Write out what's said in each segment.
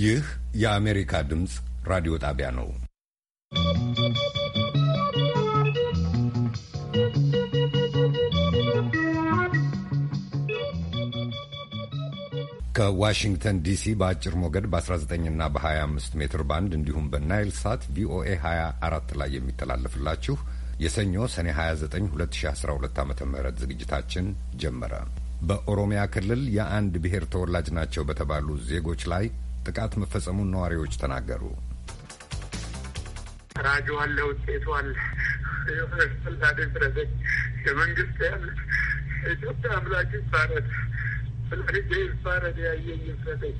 ይህ የአሜሪካ ድምፅ ራዲዮ ጣቢያ ነው። ከዋሽንግተን ዲሲ በአጭር ሞገድ በ19 እና በ25 ሜትር ባንድ እንዲሁም በናይል ሳት ቪኦኤ 24 ላይ የሚተላለፍላችሁ የሰኞ ሰኔ 29 2012 ዓ ም ዝግጅታችን ጀመረ። በኦሮሚያ ክልል የአንድ ብሔር ተወላጅ ናቸው በተባሉ ዜጎች ላይ ጥቃት መፈጸሙን ነዋሪዎች ተናገሩ። ራጆ አለ፣ ውጤቱ አለ። ስልጣኔ ፍረሰኝ የመንግስት ያለ ኢትዮጵያ አምላክ ይባረድ፣ ፍላዴ ይባረድ፣ ያየኝ ይፍረሰኝ።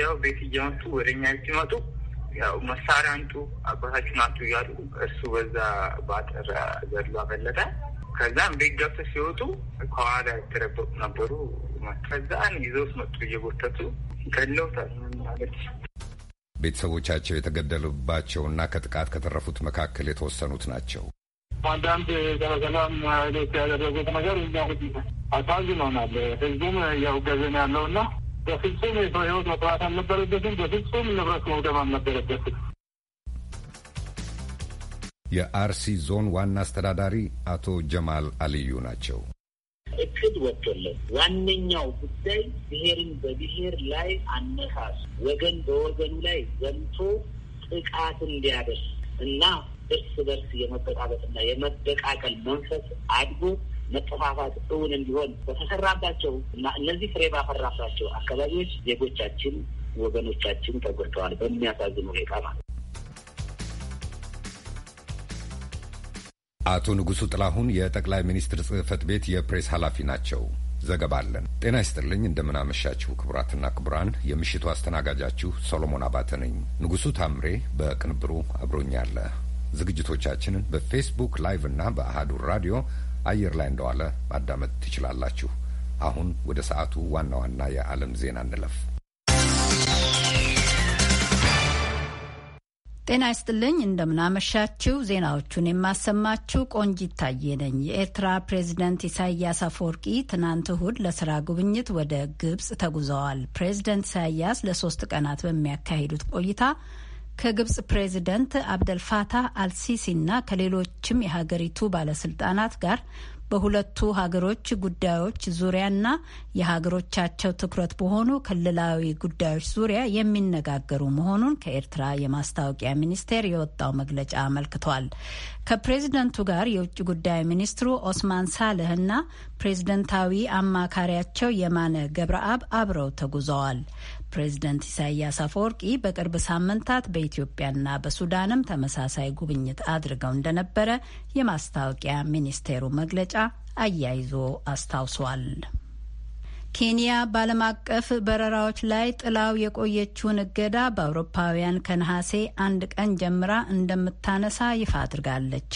ያው ቤት እያመጡ ወደኛ ሲመጡ ያው መሳሪያ አንጡ አባታችን አንጡ እያሉ እሱ በዛ በአጥር ዘሎ አበለጠ። ከዛም ቤት ገብተ ሲወጡ ከኋላ የተደበቁ ነበሩ። ከዛን ይዘውት መጡ እየጎተቱ ገለውታል ማለት ቤተሰቦቻቸው የተገደሉባቸውና ከጥቃት ከተረፉት መካከል የተወሰኑት ናቸው። አንዳንድ ገለገላም ሌት ያደረጉት ነገር እኛሁት አሳዝኖናል። ህዝቡም ያው ገዘን ያለውና በፍጹም የሰው ህይወት መጥፋት አልነበረበትም። በፍጹም ንብረት መውደም አልነበረበትም። የአርሲ ዞን ዋና አስተዳዳሪ አቶ ጀማል አልዩ ናቸው። እቅድ ወጥቶለን ዋነኛው ጉዳይ ብሔርን በብሔር ላይ አነሳስ ወገን በወገኑ ላይ ዘምቶ ጥቃት እንዲያደርስ እና እርስ በርስ የመበጣበጥና የመበቃቀል መንፈስ አድጎ መጠፋፋት እውን እንዲሆን በተሰራባቸው እና እነዚህ ፍሬ ባፈራባቸው አካባቢዎች ዜጎቻችን ወገኖቻችን ተጎድተዋል በሚያሳዝን ሁኔታ ማለት ነው። አቶ ንጉሱ ጥላሁን የጠቅላይ ሚኒስትር ጽህፈት ቤት የፕሬስ ኃላፊ ናቸው። ዘገባ አለን። ጤና ይስጥልኝ፣ እንደምናመሻችሁ ክቡራትና ክቡራን። የምሽቱ አስተናጋጃችሁ ሶሎሞን አባተ ነኝ። ንጉሱ ታምሬ በቅንብሩ አብሮኛለ። ዝግጅቶቻችንን በፌስቡክ ላይቭ እና በአህዱ ራዲዮ አየር ላይ እንደዋለ ማዳመጥ ትችላላችሁ። አሁን ወደ ሰዓቱ ዋና ዋና የዓለም ዜና እንለፍ። ጤና ይስጥልኝ። እንደምናመሻችው ዜናዎቹን የማሰማችው ቆንጅ ይታየ ነኝ። የኤርትራ ፕሬዝደንት ኢሳያስ አፈወርቂ ትናንት እሁድ ለስራ ጉብኝት ወደ ግብጽ ተጉዘዋል። ፕሬዝደንት ኢሳያስ ለሶስት ቀናት በሚያካሂዱት ቆይታ ከግብጽ ፕሬዝደንት አብደልፋታህ አልሲሲና ከሌሎችም የሀገሪቱ ባለስልጣናት ጋር በሁለቱ ሀገሮች ጉዳዮች ዙሪያና የሀገሮቻቸው ትኩረት በሆኑ ክልላዊ ጉዳዮች ዙሪያ የሚነጋገሩ መሆኑን ከኤርትራ የማስታወቂያ ሚኒስቴር የወጣው መግለጫ አመልክቷል። ከፕሬዝደንቱ ጋር የውጭ ጉዳይ ሚኒስትሩ ኦስማን ሳልህ ፕሬዝደንታዊ አማካሪያቸው የማነ ገብረአብ አብረው ተጉዘዋል። ፕሬዚደንት ኢሳያስ አፈወርቂ በቅርብ ሳምንታት በኢትዮጵያና በሱዳንም ተመሳሳይ ጉብኝት አድርገው እንደነበረ የማስታወቂያ ሚኒስቴሩ መግለጫ አያይዞ አስታውሷል። ኬንያ በዓለም አቀፍ በረራዎች ላይ ጥላው የቆየችውን እገዳ በአውሮፓውያን ከነሐሴ አንድ ቀን ጀምራ እንደምታነሳ ይፋ አድርጋለች።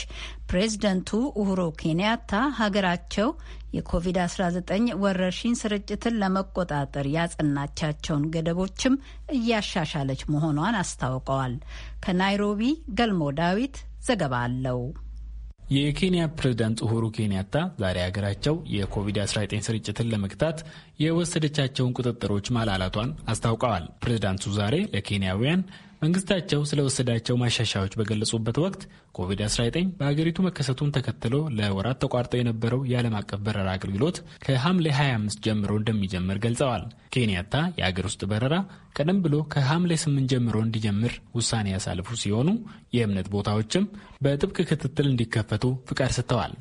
ፕሬዝደንቱ ኡሁሮ ኬንያታ ሀገራቸው የኮቪድ-19 ወረርሽኝ ስርጭትን ለመቆጣጠር ያጸናቻቸውን ገደቦችም እያሻሻለች መሆኗን አስታውቀዋል። ከናይሮቢ ገልሞ ዳዊት ዘገባ አለው። የኬንያ ፕሬዝዳንት ኡሁሩ ኬንያታ ዛሬ ሀገራቸው የኮቪድ-19 ስርጭትን ለመግታት የወሰደቻቸውን ቁጥጥሮች ማላላቷን አስታውቀዋል። ፕሬዝዳንቱ ዛሬ ለኬንያውያን መንግስታቸው ስለወሰዳቸው ማሻሻያዎች በገለጹበት ወቅት ኮቪድ-19 በአገሪቱ መከሰቱን ተከትሎ ለወራት ተቋርጠው የነበረው የዓለም አቀፍ በረራ አገልግሎት ከሐምሌ 25 ጀምሮ እንደሚጀምር ገልጸዋል። ኬንያታ የአገር ውስጥ በረራ ቀደም ብሎ ከሐምሌ 8 ጀምሮ እንዲጀምር ውሳኔ ያሳልፉ ሲሆኑ የእምነት ቦታዎችም በጥብቅ ክትትል እንዲከፈቱ ፍቃድ ሰጥተዋል።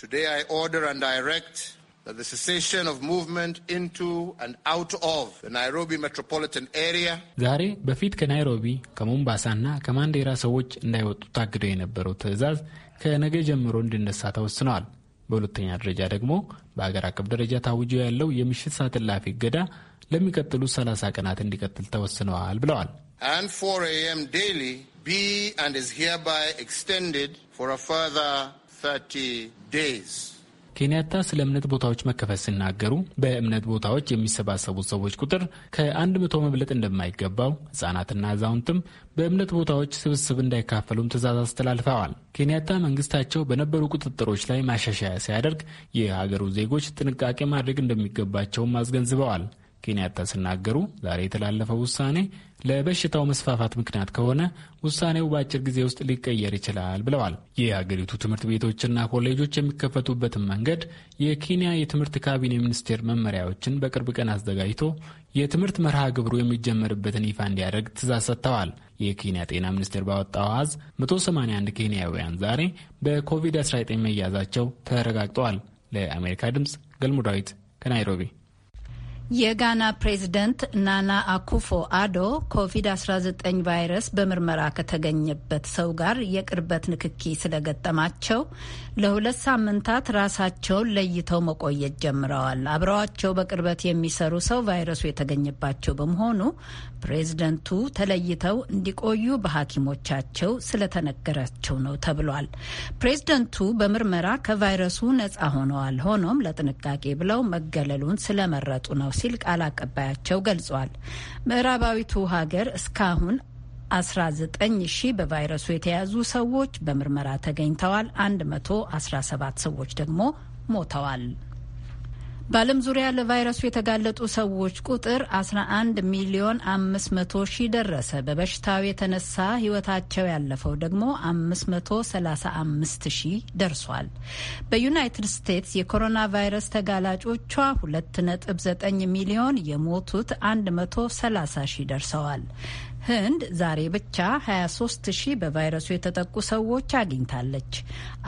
that the cessation of movement into and out of the Nairobi metropolitan area ዛሬ በፊት ከናይሮቢ ከሞምባሳና ከማንዴራ ሰዎች እንዳይወጡ ታግደው የነበረው ትዕዛዝ ከነገ ጀምሮ እንዲነሳ ተወስነዋል። በሁለተኛ ደረጃ ደግሞ በአገር አቀፍ ደረጃ ታውጆ ያለው የምሽት ሰዓት እላፊ እገዳ ለሚቀጥሉ 30 ቀናት እንዲቀጥል ተወስነዋል ብለዋል። and 4 a.m. daily be and is hereby extended for a further 30 days ኬንያታ ስለ እምነት ቦታዎች መከፈት ሲናገሩ በእምነት ቦታዎች የሚሰባሰቡት ሰዎች ቁጥር ከአንድ መቶ መብለጥ እንደማይገባው ህጻናትና አዛውንትም በእምነት ቦታዎች ስብስብ እንዳይካፈሉም ትእዛዝ አስተላልፈዋል። ኬንያታ መንግስታቸው በነበሩ ቁጥጥሮች ላይ ማሻሻያ ሲያደርግ የሀገሩ ዜጎች ጥንቃቄ ማድረግ እንደሚገባቸውም አስገንዝበዋል። ኬንያታ ሲናገሩ ዛሬ የተላለፈው ውሳኔ ለበሽታው መስፋፋት ምክንያት ከሆነ ውሳኔው በአጭር ጊዜ ውስጥ ሊቀየር ይችላል ብለዋል። የሀገሪቱ ትምህርት ቤቶችና ኮሌጆች የሚከፈቱበትን መንገድ የኬንያ የትምህርት ካቢኔ ሚኒስቴር መመሪያዎችን በቅርብ ቀን አዘጋጅቶ የትምህርት መርሃ ግብሩ የሚጀመርበትን ይፋ እንዲያደርግ ትእዛዝ ሰጥተዋል። የኬንያ ጤና ሚኒስቴር ባወጣው አዋዝ 181 ኬንያውያን ዛሬ በኮቪድ-19 መያዛቸው ተረጋግጠዋል። ለአሜሪካ ድምፅ ገልሙ ዳዊት ከናይሮቢ የጋና ፕሬዚደንት ናና አኩፎ አዶ ኮቪድ-19 ቫይረስ በምርመራ ከተገኘበት ሰው ጋር የቅርበት ንክኪ ስለገጠማቸው ለሁለት ሳምንታት ራሳቸውን ለይተው መቆየት ጀምረዋል። አብረዋቸው በቅርበት የሚሰሩ ሰው ቫይረሱ የተገኘባቸው በመሆኑ ፕሬዝደንቱ ተለይተው እንዲቆዩ በሐኪሞቻቸው ስለተነገራቸው ነው ተብሏል። ፕሬዝደንቱ በምርመራ ከቫይረሱ ነጻ ሆነዋል። ሆኖም ለጥንቃቄ ብለው መገለሉን ስለመረጡ ነው ሲል ቃል አቀባያቸው ገልጿል። ምዕራባዊቱ ሀገር እስካሁን 19 ሺህ በቫይረሱ የተያዙ ሰዎች በምርመራ ተገኝተዋል። 117 ሰዎች ደግሞ ሞተዋል። በዓለም ዙሪያ ለቫይረሱ የተጋለጡ ሰዎች ቁጥር 11 ሚሊዮን 500 ሺህ ደረሰ። በበሽታው የተነሳ ሕይወታቸው ያለፈው ደግሞ 535 ሺህ ደርሷል። በዩናይትድ ስቴትስ የኮሮና ቫይረስ ተጋላጮቿ 2.9 ሚሊዮን፣ የሞቱት 130 ሺህ ደርሰዋል። ህንድ ዛሬ ብቻ 23 ሺህ በቫይረሱ የተጠቁ ሰዎች አግኝታለች።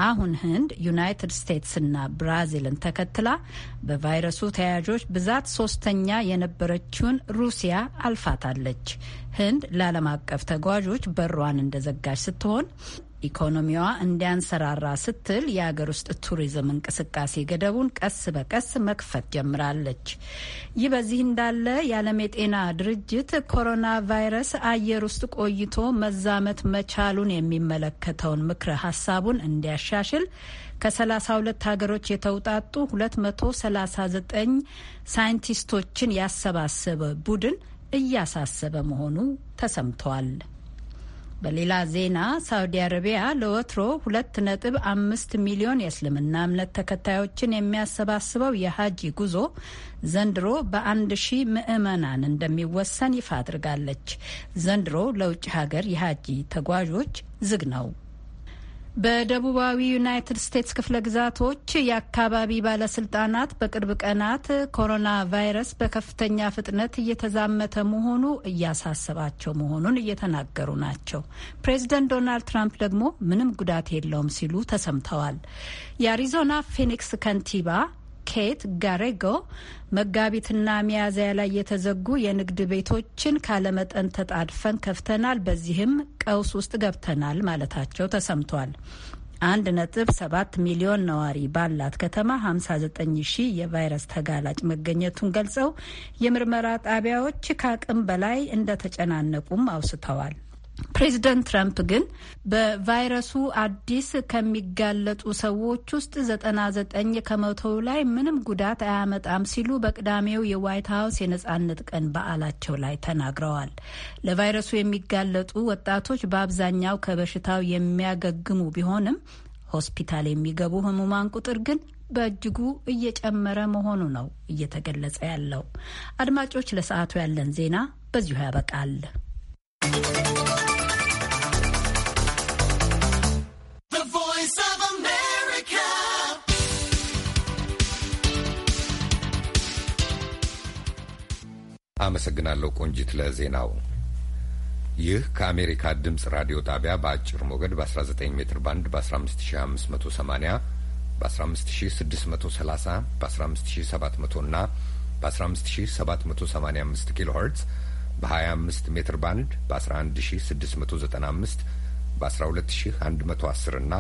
አሁን ህንድ ዩናይትድ ስቴትስና ብራዚልን ተከትላ በቫይረሱ ተያያዦች ብዛት ሶስተኛ የነበረችውን ሩሲያ አልፋታለች። ህንድ ለዓለም አቀፍ ተጓዦች በሯን እንደዘጋች ስትሆን ኢኮኖሚዋ እንዲያንሰራራ ስትል የአገር ውስጥ ቱሪዝም እንቅስቃሴ ገደቡን ቀስ በቀስ መክፈት ጀምራለች። ይህ በዚህ እንዳለ የዓለም የጤና ድርጅት ኮሮና ቫይረስ አየር ውስጥ ቆይቶ መዛመት መቻሉን የሚመለከተውን ምክረ ሀሳቡን እንዲያሻሽል ከ32 ሀገሮች የተውጣጡ 239 ሳይንቲስቶችን ያሰባሰበ ቡድን እያሳሰበ መሆኑ ተሰምቷል። በሌላ ዜና ሳውዲ አረቢያ ለወትሮ ሁለት ነጥብ አምስት ሚሊዮን የእስልምና እምነት ተከታዮችን የሚያሰባስበው የሀጂ ጉዞ ዘንድሮ በአንድ ሺህ ምዕመናን እንደሚወሰን ይፋ አድርጋለች። ዘንድሮ ለውጭ ሀገር የሀጂ ተጓዦች ዝግ ነው። በደቡባዊ ዩናይትድ ስቴትስ ክፍለ ግዛቶች የአካባቢ ባለስልጣናት በቅርብ ቀናት ኮሮና ቫይረስ በከፍተኛ ፍጥነት እየተዛመተ መሆኑ እያሳሰባቸው መሆኑን እየተናገሩ ናቸው። ፕሬዚደንት ዶናልድ ትራምፕ ደግሞ ምንም ጉዳት የለውም ሲሉ ተሰምተዋል። የአሪዞና ፊኒክስ ከንቲባ ኬት ጋሬጎ መጋቢትና ሚያዝያ ላይ የተዘጉ የንግድ ቤቶችን ካለመጠን ተጣድፈን ከፍተናል፣ በዚህም ቀውስ ውስጥ ገብተናል ማለታቸው ተሰምቷል። አንድ ነጥብ ሰባት ሚሊዮን ነዋሪ ባላት ከተማ 59 ሺህ የቫይረስ ተጋላጭ መገኘቱን ገልጸው የምርመራ ጣቢያዎች ከአቅም በላይ እንደተጨናነቁም አውስተዋል። ፕሬዚደንት ትረምፕ ግን በቫይረሱ አዲስ ከሚጋለጡ ሰዎች ውስጥ ዘጠና ዘጠኝ ከመቶው ላይ ምንም ጉዳት አያመጣም ሲሉ በቅዳሜው የዋይት ሀውስ የነጻነት ቀን በዓላቸው ላይ ተናግረዋል። ለቫይረሱ የሚጋለጡ ወጣቶች በአብዛኛው ከበሽታው የሚያገግሙ ቢሆንም ሆስፒታል የሚገቡ ህሙማን ቁጥር ግን በእጅጉ እየጨመረ መሆኑ ነው እየተገለጸ ያለው። አድማጮች፣ ለሰዓቱ ያለን ዜና በዚሁ ያበቃል። አመሰግናለሁ ቆንጂት ለዜናው። ይህ ከአሜሪካ ድምፅ ራዲዮ ጣቢያ በአጭር ሞገድ በ19 ሜትር ባንድ በ15580 በ15630 በ15700 እና በ15785 ኪሎ ሄርትዝ በ25 ሜትር ባንድ በ11695 በ12110 እና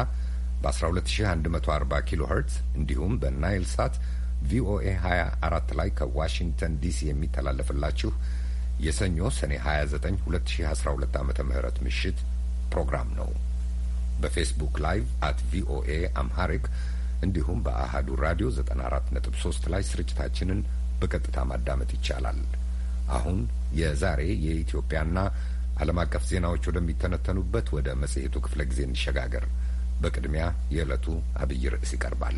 በ12140 ኪሎ ሄርትዝ እንዲሁም በናይል ሳት ቪኦኤ 24 ላይ ከዋሽንግተን ዲሲ የሚተላለፍላችሁ የሰኞ ሰኔ 29 2012 ዓ ም ምሽት ፕሮግራም ነው። በፌስቡክ ላይቭ አት ቪኦኤ አምሃሪክ እንዲሁም በአሃዱ ራዲዮ 94.3 ላይ ስርጭታችንን በቀጥታ ማዳመጥ ይቻላል። አሁን የዛሬ የኢትዮጵያና ዓለም አቀፍ ዜናዎች ወደሚተነተኑበት ወደ መጽሔቱ ክፍለ ጊዜ እንሸጋገር። በቅድሚያ የዕለቱ አብይ ርዕስ ይቀርባል።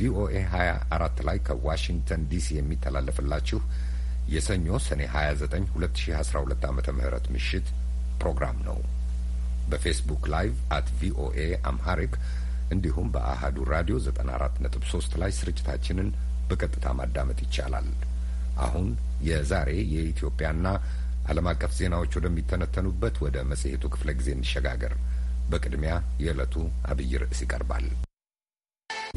ቪኦኤ 24 ላይ ከዋሽንግተን ዲሲ የሚተላለፍላችሁ የሰኞ ሰኔ 29 2012 ዓ ም ምሽት ፕሮግራም ነው። በፌስቡክ ላይቭ አት ቪኦኤ አምሃሪክ እንዲሁም በአሃዱ ራዲዮ 94.3 ላይ ስርጭታችንን በቀጥታ ማዳመጥ ይቻላል። አሁን የዛሬ የኢትዮጵያና ዓለም አቀፍ ዜናዎች ወደሚተነተኑበት ወደ መጽሔቱ ክፍለ ጊዜ እንሸጋገር። በቅድሚያ የዕለቱ አብይ ርዕስ ይቀርባል።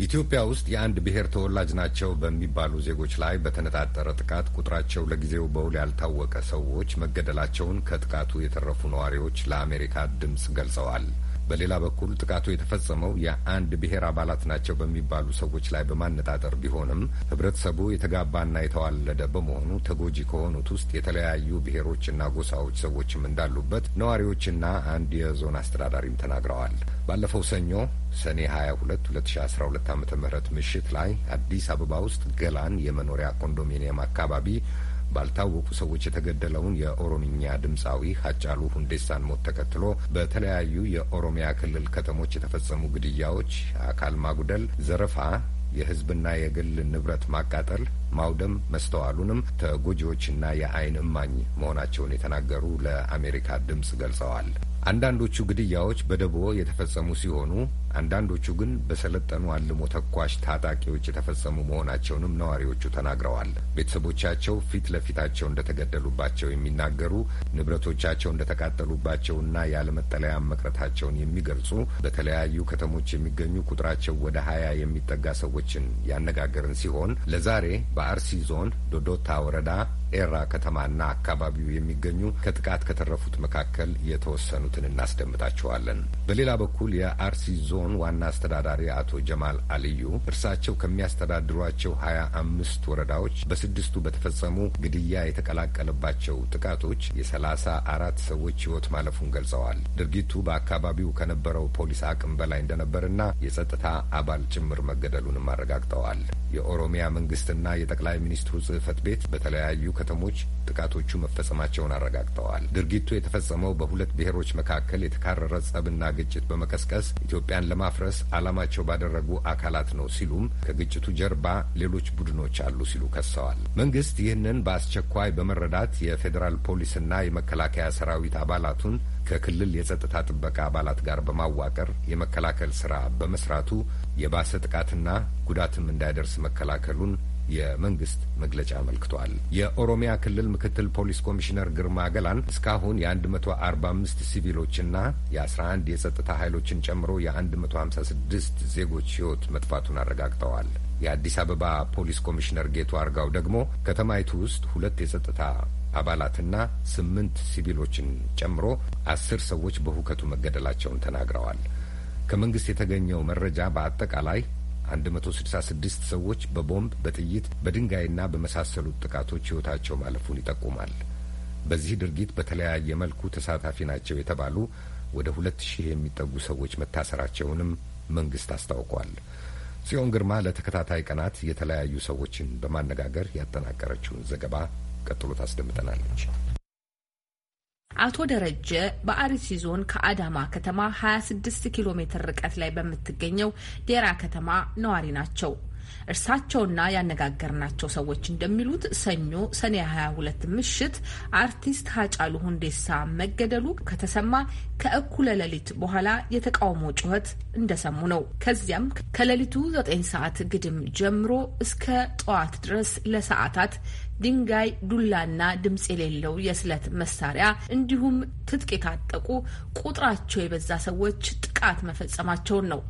ኢትዮጵያ ውስጥ የአንድ ብሔር ተወላጅ ናቸው በሚባሉ ዜጎች ላይ በተነጣጠረ ጥቃት ቁጥራቸው ለጊዜው በውል ያልታወቀ ሰዎች መገደላቸውን ከጥቃቱ የተረፉ ነዋሪዎች ለአሜሪካ ድምፅ ገልጸዋል። በሌላ በኩል ጥቃቱ የተፈጸመው የአንድ ብሔር አባላት ናቸው በሚባሉ ሰዎች ላይ በማነጣጠር ቢሆንም ህብረተሰቡ የተጋባና የተዋለደ በመሆኑ ተጎጂ ከሆኑት ውስጥ የተለያዩ ብሔሮችና ጎሳዎች ሰዎችም እንዳሉበት ነዋሪዎችና አንድ የዞን አስተዳዳሪም ተናግረዋል። ባለፈው ሰኞ ሰኔ 22 2012 ዓ ም ምሽት ላይ አዲስ አበባ ውስጥ ገላን የመኖሪያ ኮንዶሚኒየም አካባቢ ባልታወቁ ሰዎች የተገደለውን የኦሮምኛ ድምፃዊ ሀጫሉ ሁንዴሳን ሞት ተከትሎ በተለያዩ የኦሮሚያ ክልል ከተሞች የተፈጸሙ ግድያዎች፣ አካል ማጉደል፣ ዘረፋ፣ የህዝብና የግል ንብረት ማቃጠል ማውደም መስተዋሉንም ተጎጂዎችና የአይን እማኝ መሆናቸውን የተናገሩ ለአሜሪካ ድምፅ ገልጸዋል። አንዳንዶቹ ግድያዎች በደቦ የተፈጸሙ ሲሆኑ አንዳንዶቹ ግን በሰለጠኑ አልሞ ተኳሽ ታጣቂዎች የተፈጸሙ መሆናቸውንም ነዋሪዎቹ ተናግረዋል። ቤተሰቦቻቸው ፊት ለፊታቸው እንደተገደሉባቸው የሚናገሩ ንብረቶቻቸው እንደተቃጠሉባቸውና ያለመጠለያ መቅረታቸውን የሚገልጹ በተለያዩ ከተሞች የሚገኙ ቁጥራቸው ወደ ሀያ የሚጠጋ ሰዎችን ያነጋገርን ሲሆን ለዛሬ በአርሲ ዞን ዶዶታ ወረዳ ኤራ ከተማና አካባቢው የሚገኙ ከጥቃት ከተረፉት መካከል የተወሰኑትን እናስደምጣቸዋለን። በሌላ በኩል የአርሲ ዞን ዋና አስተዳዳሪ አቶ ጀማል አልዩ እርሳቸው ከሚያስተዳድሯቸው ሀያ አምስት ወረዳዎች በስድስቱ በተፈጸሙ ግድያ የተቀላቀለባቸው ጥቃቶች የሰላሳ አራት ሰዎች ሕይወት ማለፉን ገልጸዋል። ድርጊቱ በአካባቢው ከነበረው ፖሊስ አቅም በላይ እንደነበርና የጸጥታ አባል ጭምር መገደሉንም አረጋግጠዋል። የኦሮሚያ መንግስትና የጠቅላይ ሚኒስትሩ ጽህፈት ቤት በተለያዩ ከተሞች ጥቃቶቹ መፈጸማቸውን አረጋግጠዋል። ድርጊቱ የተፈጸመው በሁለት ብሔሮች መካከል የተካረረ ጸብና ግጭት በመቀስቀስ ኢትዮጵያን ለማፍረስ ዓላማቸው ባደረጉ አካላት ነው ሲሉም ከግጭቱ ጀርባ ሌሎች ቡድኖች አሉ ሲሉ ከሰዋል። መንግስት ይህንን በአስቸኳይ በመረዳት የፌዴራል ፖሊስና የመከላከያ ሰራዊት አባላቱን ከክልል የጸጥታ ጥበቃ አባላት ጋር በማዋቀር የመከላከል ስራ በመስራቱ የባሰ ጥቃትና ጉዳትም እንዳይደርስ መከላከሉን የመንግስት መግለጫ አመልክቷል። የኦሮሚያ ክልል ምክትል ፖሊስ ኮሚሽነር ግርማ ገላን እስካሁን የ145 ሲቪሎችና የ11 የጸጥታ ኃይሎችን ጨምሮ የ156 ዜጎች ህይወት መጥፋቱን አረጋግጠዋል። የአዲስ አበባ ፖሊስ ኮሚሽነር ጌቱ አርጋው ደግሞ ከተማይቱ ውስጥ ሁለት የጸጥታ አባላትና ስምንት ሲቪሎችን ጨምሮ አስር ሰዎች በሁከቱ መገደላቸውን ተናግረዋል። ከመንግስት የተገኘው መረጃ በአጠቃላይ 166 ሰዎች በቦምብ በጥይት በድንጋይና በመሳሰሉት ጥቃቶች ሕይወታቸው ማለፉን ይጠቁማል። በዚህ ድርጊት በተለያየ መልኩ ተሳታፊ ናቸው የተባሉ ወደ ሁለት ሺህ የሚጠጉ ሰዎች መታሰራቸውንም መንግስት አስታውቋል። ጽዮን ግርማ ለተከታታይ ቀናት የተለያዩ ሰዎችን በማነጋገር ያጠናቀረችውን ዘገባ ቀጥሎ ታስደምጠናለች። አቶ ደረጀ በአርሲ ዞን ከአዳማ ከተማ 26 ኪሎ ሜትር ርቀት ላይ በምትገኘው ዴራ ከተማ ነዋሪ ናቸው። እርሳቸውና ያነጋገርናቸው ሰዎች እንደሚሉት ሰኞ ሰኔ 22 ምሽት አርቲስት ሀጫሉ ሁንዴሳ መገደሉ ከተሰማ ከእኩለ ሌሊት በኋላ የተቃውሞ ጩኸት እንደሰሙ ነው። ከዚያም ከሌሊቱ 9 ሰዓት ግድም ጀምሮ እስከ ጠዋት ድረስ ለሰዓታት ድንጋይ፣ ዱላና ድምፅ የሌለው የስለት መሳሪያ እንዲሁም ትጥቅ የታጠቁ ቁጥራቸው የበዛ ሰዎች ጥቃት መፈጸማቸውን ነው።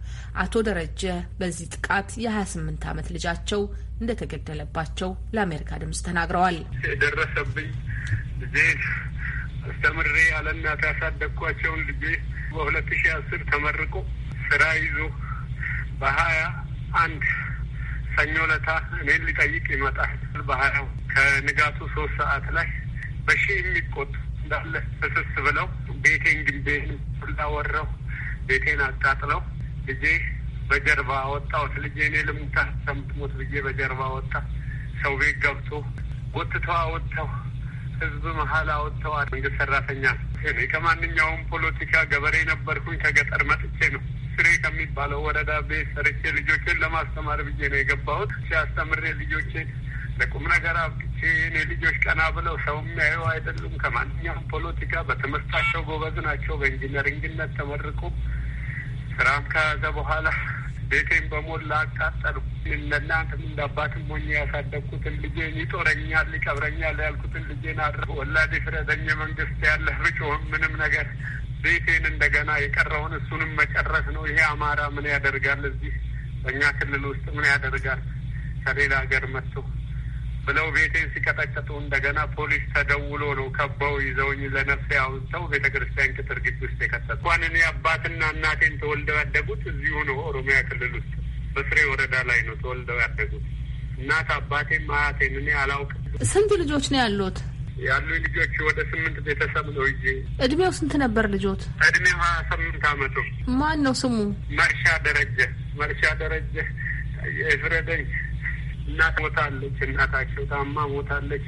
አቶ ደረጀ በዚህ ጥቃት የ28 ዓመት ልጃቸው እንደተገደለባቸው ለአሜሪካ ድምፅ ተናግረዋል። የደረሰብኝ ልጄ አስተምሬ ያለእናት ያሳደግኳቸውን ልጄ በሁለት ሺ አስር ተመርቆ ስራ ይዞ በሀያ አንድ ሰኞ ለታ እኔን ሊጠይቅ ይመጣል። ባህያው ከንጋቱ ሶስት ሰዓት ላይ በሺ የሚቆጡ እንዳለ እስስ ብለው ቤቴን ግንቤን እንዳወረው ቤቴን አቃጥለው ልጄ በጀርባ ወጣሁት። ልጄ እኔ ልምታ ከምትሞት ብዬ በጀርባ ወጣ። ሰው ቤት ገብቶ ወጥተው አወጥተው ህዝብ መሀል አወጥተው መንግስት ሰራተኛ እኔ ከማንኛውም ፖለቲካ ገበሬ ነበርኩኝ። ከገጠር መጥቼ ነው ፍሬ ከሚባለው ወረዳ ቤት ሰርቼ ልጆችን ለማስተማር ብዬ ነው የገባሁት። ሲያስተምሬ ልጆች ለቁም ነገር አብቅቼ እኔ ልጆች ቀና ብለው ሰው የሚያየው አይደሉም። ከማንኛውም ፖለቲካ በትምህርታቸው ጎበዝ ናቸው። በኢንጂነሪንግነት ተመርቆ ስራም ከያዘ በኋላ ቤቴን በሞላ አቃጠሉ። ለእናንተም እንደ አባትም ሆኜ ያሳደግኩትን ልጄን ይጦረኛል፣ ይቀብረኛል ያልኩትን ልጄን አድረ ወላዴ ፍረደኝ መንግስት ያለህ ብጮህም ምንም ነገር ቤቴን እንደገና የቀረውን እሱንም መጨረስ ነው። ይሄ አማራ ምን ያደርጋል እዚህ በእኛ ክልል ውስጥ ምን ያደርጋል ከሌላ ሀገር መጥቶ ብለው ቤቴን ሲቀጠቀጡ እንደገና ፖሊስ ተደውሎ ነው ከበው ይዘውኝ ለነፍሴ አውጥተው ቤተ ክርስቲያን ቅጥር ግቢ ውስጥ የከተቱ። እንኳን እኔ አባትና እናቴን ተወልደው ያደጉት እዚሁ ነው፣ ኦሮሚያ ክልል ውስጥ በስሬ ወረዳ ላይ ነው ተወልደው ያደጉት። እናት አባቴም አያቴን እኔ አላውቅም። ስንት ልጆች ነው ያሉት? ያሉ ልጆች ወደ ስምንት ቤተሰብ ነው እ እድሜው ስንት ነበር ልጆት? እድሜው ሀያ ስምንት አመቱ። ማን ነው ስሙ? መርሻ ደረጀ። መርሻ ደረጀ የፍረደኝ እናት ሞታለች። እናታቸው ታማ ሞታለች።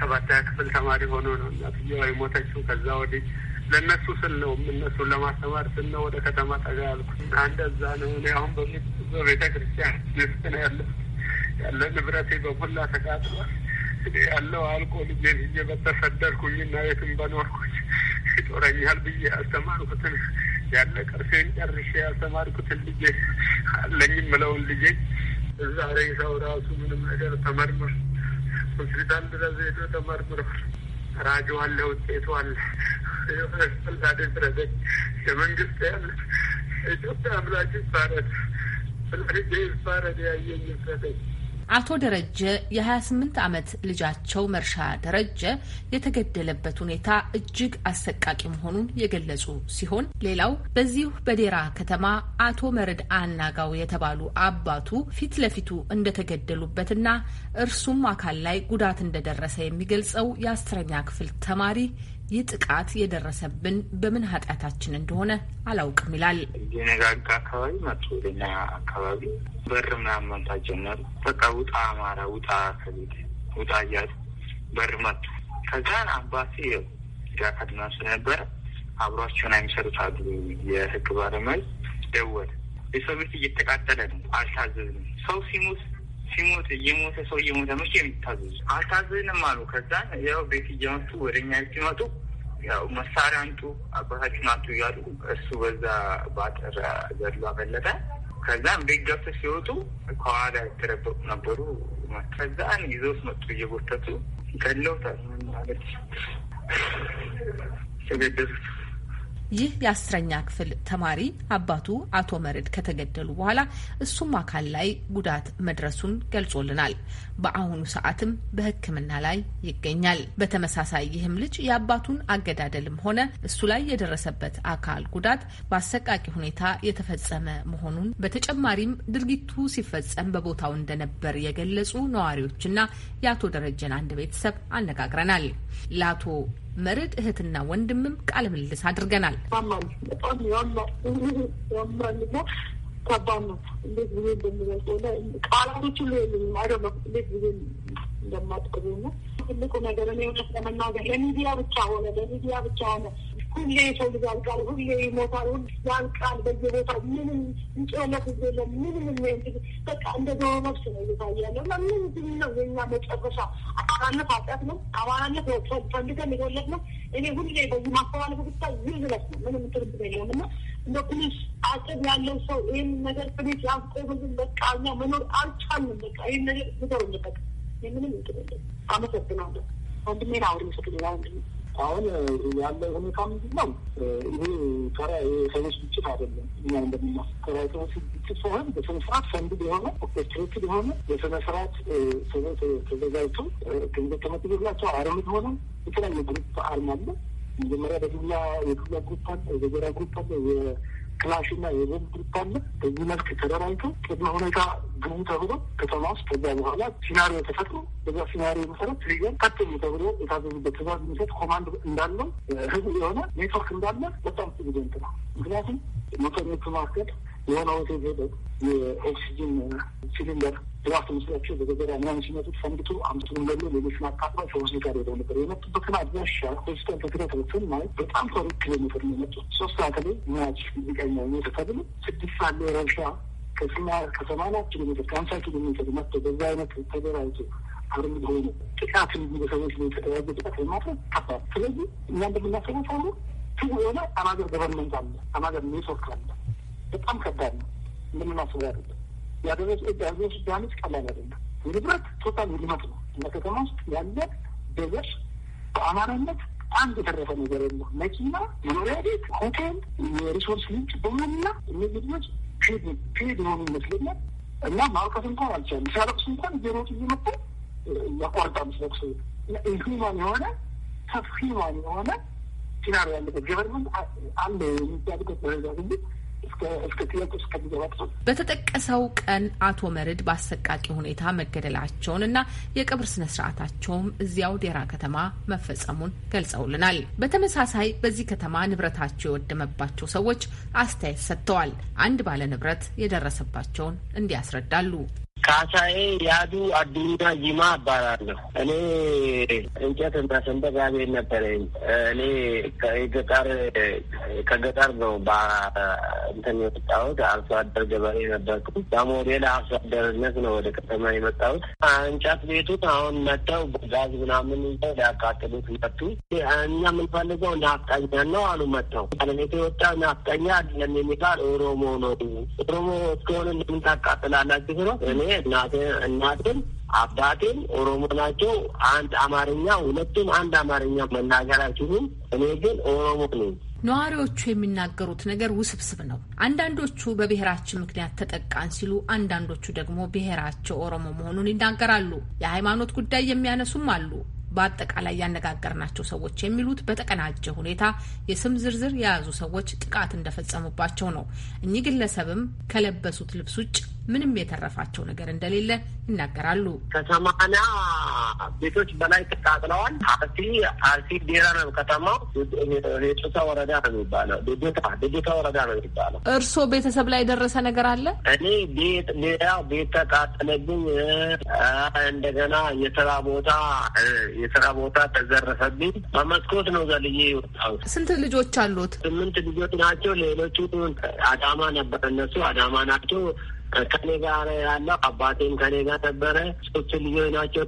ሰባተኛ ክፍል ተማሪ ሆኖ ነው እናትየዋ የሞተችው። ከዛ ወዲህ ለእነሱ ስል ነው እነሱን ለማስተማር ስል ነው ወደ ከተማ ጠጋ ያልኩ። እንደዛ ነው። እኔ አሁን በቤተ ክርስቲያን ንስ ነው ያለ ያለ ንብረቴ በሁላ ተቃጥሏል። ያለው አልቆ ልጄን ይዤ በተሰደድኩኝና የትም በኖርኩኝ ይጦረኛል ብዬ ያስተማርኩትን ያለ ቀርሴን ጨርሼ ያስተማርኩትን ልጄ አለኝ ምለውን ልጄ ዛሬ ሰው ራሱ ምንም ነገር ተመርምር ሆስፒታል ድረስ ሄዶ ተመርምሮ ራጁ አለ ውጤቱ አለ ስልታዴ ድረሰች የመንግስት ያለ ኢትዮጵያ አምላክ ይባረድ ልጄ ይባረድ ያየኝ ፍረተኝ አቶ ደረጀ የ28 ዓመት ልጃቸው መርሻ ደረጀ የተገደለበት ሁኔታ እጅግ አሰቃቂ መሆኑን የገለጹ ሲሆን ሌላው በዚሁ በዴራ ከተማ አቶ መረድ አናጋው የተባሉ አባቱ ፊት ለፊቱ እንደተገደሉበትና እርሱም አካል ላይ ጉዳት እንደደረሰ የሚገልጸው የአስረኛ ክፍል ተማሪ ይህ ጥቃት የደረሰብን በምን ኃጢአታችን እንደሆነ አላውቅም ይላል። የነጋጋ አካባቢ መጡ ወደኛ አካባቢ በር ምናምን መምታት ጀመሩ። በቃ ውጣ፣ አማራ ውጣ፣ ከቤት ውጣ እያሉ በር መጡ። ከዛን አባሲ ጋካድና ስለነበረ አብሯቸውን የሚሰሩት አሉ የህግ ባለሙያ ደወል የሰው ቤት እየተቃጠለ ነው፣ አልታዘዝንም። ሰው ሲሙት ሲሞት እየሞተ ሰው እየሞተ መቼ የሚታዘዙ አልታዘዝንም አሉ። ከዛ ያው ቤት እየመጡ ወደ እኛ ሲመጡ ያው መሳሪያ አንጡ አባታችን አንጡ እያሉ እሱ በዛ በአጥር ዘሎ አመለጠ። ከዛም ቤት ገብተ ሲወጡ ከኋላ የተደበቁ ነበሩ። ከዛን ይዘውስ መጡ እየጎተቱ ገለውታል ማለት ተገደሉት። ይህ የአስረኛ ክፍል ተማሪ አባቱ አቶ መርድ ከተገደሉ በኋላ እሱም አካል ላይ ጉዳት መድረሱን ገልጾልናል። በአሁኑ ሰዓትም በሕክምና ላይ ይገኛል። በተመሳሳይ ይህም ልጅ የአባቱን አገዳደልም ሆነ እሱ ላይ የደረሰበት አካል ጉዳት በአሰቃቂ ሁኔታ የተፈጸመ መሆኑን በተጨማሪም ድርጊቱ ሲፈጸም በቦታው እንደነበር የገለጹ ነዋሪዎችና የአቶ ደረጀን አንድ ቤተሰብ አነጋግረናል። ለአቶ መርድ እህትና ወንድምም ቃለ ምልልስ አድርገናል። ከባድ ነው። እንዴት ብዬ እንደሚገልጸው ቃላቶች ሁሉ የሉኝም። አይደለ እንዴት ብዬ እንደማጥቅብ ነው። ትልቁ ነገር እኔ እውነት ለመናገር ለሚዲያ ብቻ ሆነ ለሚዲያ ብቻ ሆነ። ሁሌ ሰው ልጅ ያልቃል፣ ሁሌ ይሞታል፣ ሁሌ ያልቃል በየቦታው ምንም እንጭነት ዜለ ምንም የሚንት በቃ እንደ ዶሮ መብስ ነው እየታያለ እና ምንድን ነው የኛ መጨረሻ? አማራነት ኃጢአት ነው። አማራነት ፈልገን የወለድ ነው። እኔ ሁሌ በዚህ ማስተላለፍ ብቻ ዝዝለት ነው ምንም ትርብ የለውም እና እንደ አቅም ያለው ሰው ይህን ነገር ፕሊስ ያስቆምልን። በቃ እኛ መኖር አልቻልንም። በቃ ይህን ነገር ብዘው በቃ የምንም እንቅልል። አመሰግናለሁ ወንድሜን አውሪ ምስክል ወንድሜ አሁን ያለው ሁኔታ ምንድን ነው? ይሄ ከራ የሰዎች ግጭት አይደለም። እኛ እንደምናስከራ የሰዎች ግጭት ሳይሆን በስነ ስርዓት ፈንድ የሆነ ኦርኬስትሬትድ የሆነ በስነ ስርዓት ተዘጋጅቶ ገንዘብ ተመድቦላቸው አርምድ ሆነ የተለያየ ግሩፕ አርም አለ መጀመሪያ በዱላ የዱላ ግሩፕ አለ፣ የገጀራ ግሩፕ አለ፣ የክላሽ የቦምብ ግሩፕ አለ። በዚህ መልክ ተደራጅቶ ቅድመ ሁኔታ ግቡ ተብሎ ከተማ ውስጥ ከዛ በኋላ ሲናሪዮ ተፈጥሮ በዛ ሲናሪዮ መሰረት ትሪገን ቀጥሉ ተብሎ የታዘዙበት ትእዛዝ የሚሰጥ ኮማንድ እንዳለው ህዝብ የሆነ ኔትወርክ እንዳለ በጣም ብዙ ነው። ምክንያቱም መቀኞቹ ማርከት የሆነ ሆቴል ሄደው የኦክሲጅን ሲሊንደር ድራፍት መስላቸው በገበያ ምናምን ሲመጡት ፈንድቶ አምስቱን ገሎ ሌሎች ሰዎች ጋር ሄደው ነበር የመጡበትን አድራሻ ሆስፒታል ተከታተሉትን ማለት በጣም ከሩ ኪሎሜትር ነው የመጡት። ሶስት ሰዓት ላይ ሙያች ሚቀኛ ተብሎ ስድስት ሰዓት ላይ ረብሻ ከስማ ከሰማንያ ኪሎ ሜትር ከሀምሳ ኪሎ ሜትር መጥቶ በዛ አይነት ተደራጅቶ አርምድ ሆኑ ጥቃት በሰዎች ላይ የተደራጀ ጥቃት ለማድረግ ከባድ። ስለዚህ እኛ እንደምናሰበው ሳይሆን ትቡ የሆነ አናገር ገቨርንመንት አለ አናገር ኔትወርክ አለ በጣም ከባድ ነው። እንደምናስበ ያደለ ያደረሱ ያደረሱ ዳሜጅ ቀላል አይደለም። ንብረት ቶታል ውድመት ነው እና ከተማ ውስጥ ያለ ደዘር በአማራነት አንድ የተረፈ ነገር የለ። መኪና፣ መኖሪያ ቤት፣ ሆቴል፣ የሪሶርስ ምንጭ በሙሉና እነዚህ ልጆች ፔድ የሆኑ ይመስለኛል እና ማውቀት እንኳን አልቻለም። ሲያለቅሱ እንኳን ዜሮት እየመጡ ያቋርጣ ሲለቅሱ። ኢንሁማን የሆነ ሰፊማን የሆነ ሲናሪ ያለበት ገቨርንመንት አለ የሚባልበት ደረጃ ግን እስከ እስከሚገባ በተጠቀሰው ቀን አቶ መርድ በአሰቃቂ ሁኔታ መገደላቸውን እና የቅብር ስነ ስርዓታቸውም እዚያው ዴራ ከተማ መፈጸሙን ገልጸውልናል። በተመሳሳይ በዚህ ከተማ ንብረታቸው የወደመባቸው ሰዎች አስተያየት ሰጥተዋል። አንድ ባለ ንብረት የደረሰባቸውን እንዲያስረዳሉ ካሳኤ ያዱ አዱኛ ጂማ እባላለሁ። እኔ እንጨት እና ሰንበት ቤት ነበረኝ። እኔ ከገጠር ከገጠር ነው እንትን የወጣሁት። አርሶ አደር ገበሬ ነበርኩ። በሞዴል አርሶ አደርነት ነው ወደ ከተማ የመጣሁት። እንጨት ቤቱን አሁን መጥተው በጋዝ ምናምን ይዘው ሊያቃጥሉት መጡ። እኛ የምንፈልገው ናፍጠኛ ነው አሉ መጥተው። ባለቤቴ ወጣ ናፍጠኛ አይደለም የሚባል ኦሮሞ ነው ኦሮሞ እስከሆነ እንደምን ታቃጥላላችሁ ብሎ እኔ እናትም፣ አባቴም ኦሮሞ ናቸው። አንድ አማርኛ ሁለቱም አንድ አማርኛ መናገራችሁም እኔ ግን ኦሮሞ ነኝ። ነዋሪዎቹ የሚናገሩት ነገር ውስብስብ ነው። አንዳንዶቹ በብሔራችን ምክንያት ተጠቃን ሲሉ፣ አንዳንዶቹ ደግሞ ብሔራቸው ኦሮሞ መሆኑን ይናገራሉ። የሃይማኖት ጉዳይ የሚያነሱም አሉ። በአጠቃላይ ያነጋገርናቸው ሰዎች የሚሉት በተቀናጀ ሁኔታ የስም ዝርዝር የያዙ ሰዎች ጥቃት እንደፈጸሙባቸው ነው። እኚህ ግለሰብም ከለበሱት ልብስ ውጭ ምንም የተረፋቸው ነገር እንደሌለ ይናገራሉ። ከሰማንያ ቤቶች በላይ ተቃጥለዋል። አርሲ አርሲ ዴራ ነው ከተማው። ጩሳ ወረዳ ነው የሚባለው። ልጅታ ወረዳ ነው የሚባለው። እርስዎ ቤተሰብ ላይ የደረሰ ነገር አለ? እኔ ቤት ሌላ ቤት ተቃጠለብኝ። እንደገና የስራ ቦታ የስራ ቦታ ተዘረፈብኝ። በመስኮት ነው ዘልዬ ይወጣ። ስንት ልጆች አሉት? ስምንት ልጆች ናቸው። ሌሎቹ አዳማ ነበር፣ እነሱ አዳማ ናቸው። ከኔ ጋር ያለ አባቴም ከኔ ጋር ነበረ። ሶስት ልጆች ናቸው።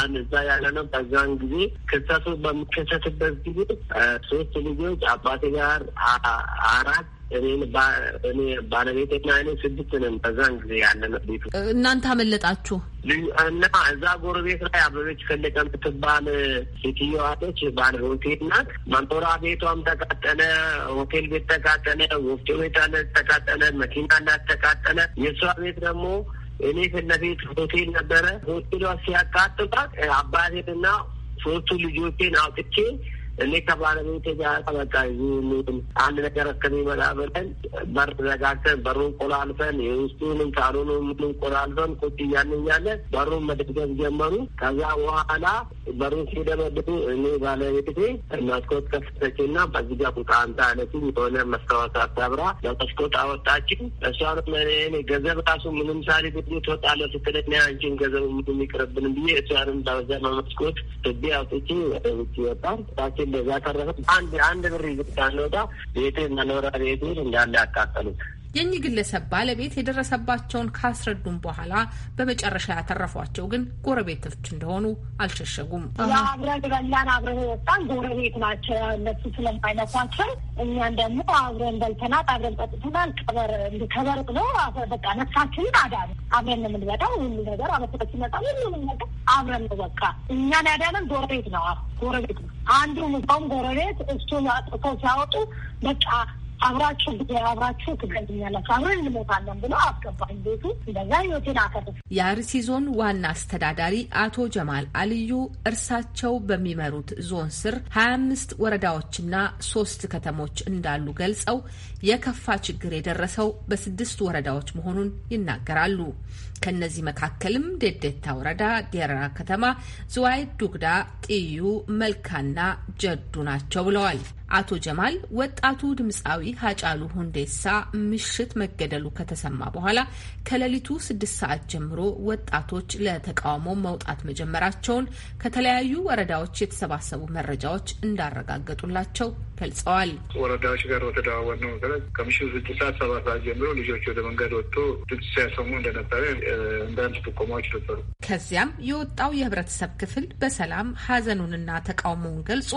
አንዛ ያለ ነው። በዛን ጊዜ ክሰቱ በሚከሰትበት ጊዜ ሶስት ልጆች አባቴ ጋር አራት እኔን እኔ ባለቤቴና እኔ ስድስት ነን። በዛን ጊዜ ያለን ቤቱ እናንተ አመለጣችሁ እና እዛ ጎረቤት ላይ አበበች ፈለቀ ምትባል ሴትዮ አለች። ባለ ሆቴል ናት። መኖሪያ ቤቷም ተቃጠለ፣ ሆቴል ቤት ተቃጠለ፣ ወፍጮ ቤት ተቃጠለ፣ መኪና እንዳት ተቃጠለ። የእሷ ቤት ደግሞ እኔ ፊት ለፊት ሆቴል ነበረ። ሆቴሏ ሲያቃጥሏት አባቴንና ሶስቱ ልጆቼን አውጥቼ እኔ ከባለቤቴ ጋር በቃ አንድ ነገር እስከሚመጣ ብለን በር ዘጋግተን በሩን ቆላልፈን የውስጡንም ሳሎኑን ምንም ቆላልፈን ቁጭ እያልን እያለ በሩን መደገፍ ጀመሩ። ከዛ በኋላ በሩን ሲደመድቡ እኔ ባለቤቴ መስኮት ከፍተች ከፍተችና በዚጋ ቁጣ አምጣ አለችኝ። የሆነ መስታወት አታብራ ለመስኮት አወጣችኝ። እሷን እኔ ገንዘብ ራሱ ምንም ሳሊ ብድ ትወጣለ ስትለኝ አንቺን ገንዘብ ምንም ይቅርብን ብዬ እሷንም በዛ መስኮት ትቤ አውጥቼ ውጭ ይወጣል ታች ያተረፉት አንድ አንድ ብር ብቻ ነውጣ ቤቴ መኖሪያ ቤቴ እንዳለ ያቃጠሉት የእኚህ ግለሰብ ባለቤት የደረሰባቸውን ካስረዱም በኋላ በመጨረሻ ያተረፏቸው ግን ጎረቤቶች እንደሆኑ አልሸሸጉም። አብረን በላን፣ አብረን ወጣን፣ ጎረቤት ናቸው እነሱ ስለማይነኳቸው እኛን ደግሞ አብረን በልተናት፣ አብረን ጠጥተናል። ቀበር ከበር ብሎ በቃ ነፍሳችንን አዳነ። አብረን ነው የምንበላው ሁሉ ነገር አመሰበት ሲመጣ ሁሉ ነገር አብረን ነው በቃ እኛን ያዳነን ጎረቤት ነው። ጎረቤት ነው አንዱ ምዛውም ጎረቤት እሱን አጥርተው ሲያወጡ በቃ አብራችሁ አብራችሁ ትገኛላችሁ፣ አብረን እንሞታለን ብሎ አስገባኝ ቤቱ። እንደዛ ህይወቴን አተረፍ። የአርሲ ዞን ዋና አስተዳዳሪ አቶ ጀማል አልዩ እርሳቸው በሚመሩት ዞን ስር ሀያ አምስት ወረዳዎችና ሶስት ከተሞች እንዳሉ ገልጸው የከፋ ችግር የደረሰው በስድስት ወረዳዎች መሆኑን ይናገራሉ። ከእነዚህ መካከልም ዴዴታ ወረዳ፣ ዴራ ከተማ፣ ዝዋይ፣ ዱግዳ፣ ጥዩ፣ መልካና ጀዱ ናቸው ብለዋል። አቶ ጀማል ወጣቱ ድምፃዊ ሀጫሉ ሁንዴሳ ምሽት መገደሉ ከተሰማ በኋላ ከሌሊቱ ስድስት ሰዓት ጀምሮ ወጣቶች ለተቃውሞ መውጣት መጀመራቸውን ከተለያዩ ወረዳዎች የተሰባሰቡ መረጃዎች እንዳረጋገጡላቸው ገልጸዋል። ወረዳዎች ጋር በተደዋወርነው መሰረት ከምሽቱ ስድስት ሰዓት ሰባት ሰዓት ጀምሮ ልጆች ወደ መንገድ ወጥቶ ድምፅ ሲያሰሙ እንደነበረ አንዳንድ ጥቆማዎች ነበሩ። ከዚያም የወጣው የህብረተሰብ ክፍል በሰላም ሀዘኑንና ተቃውሞውን ገልጾ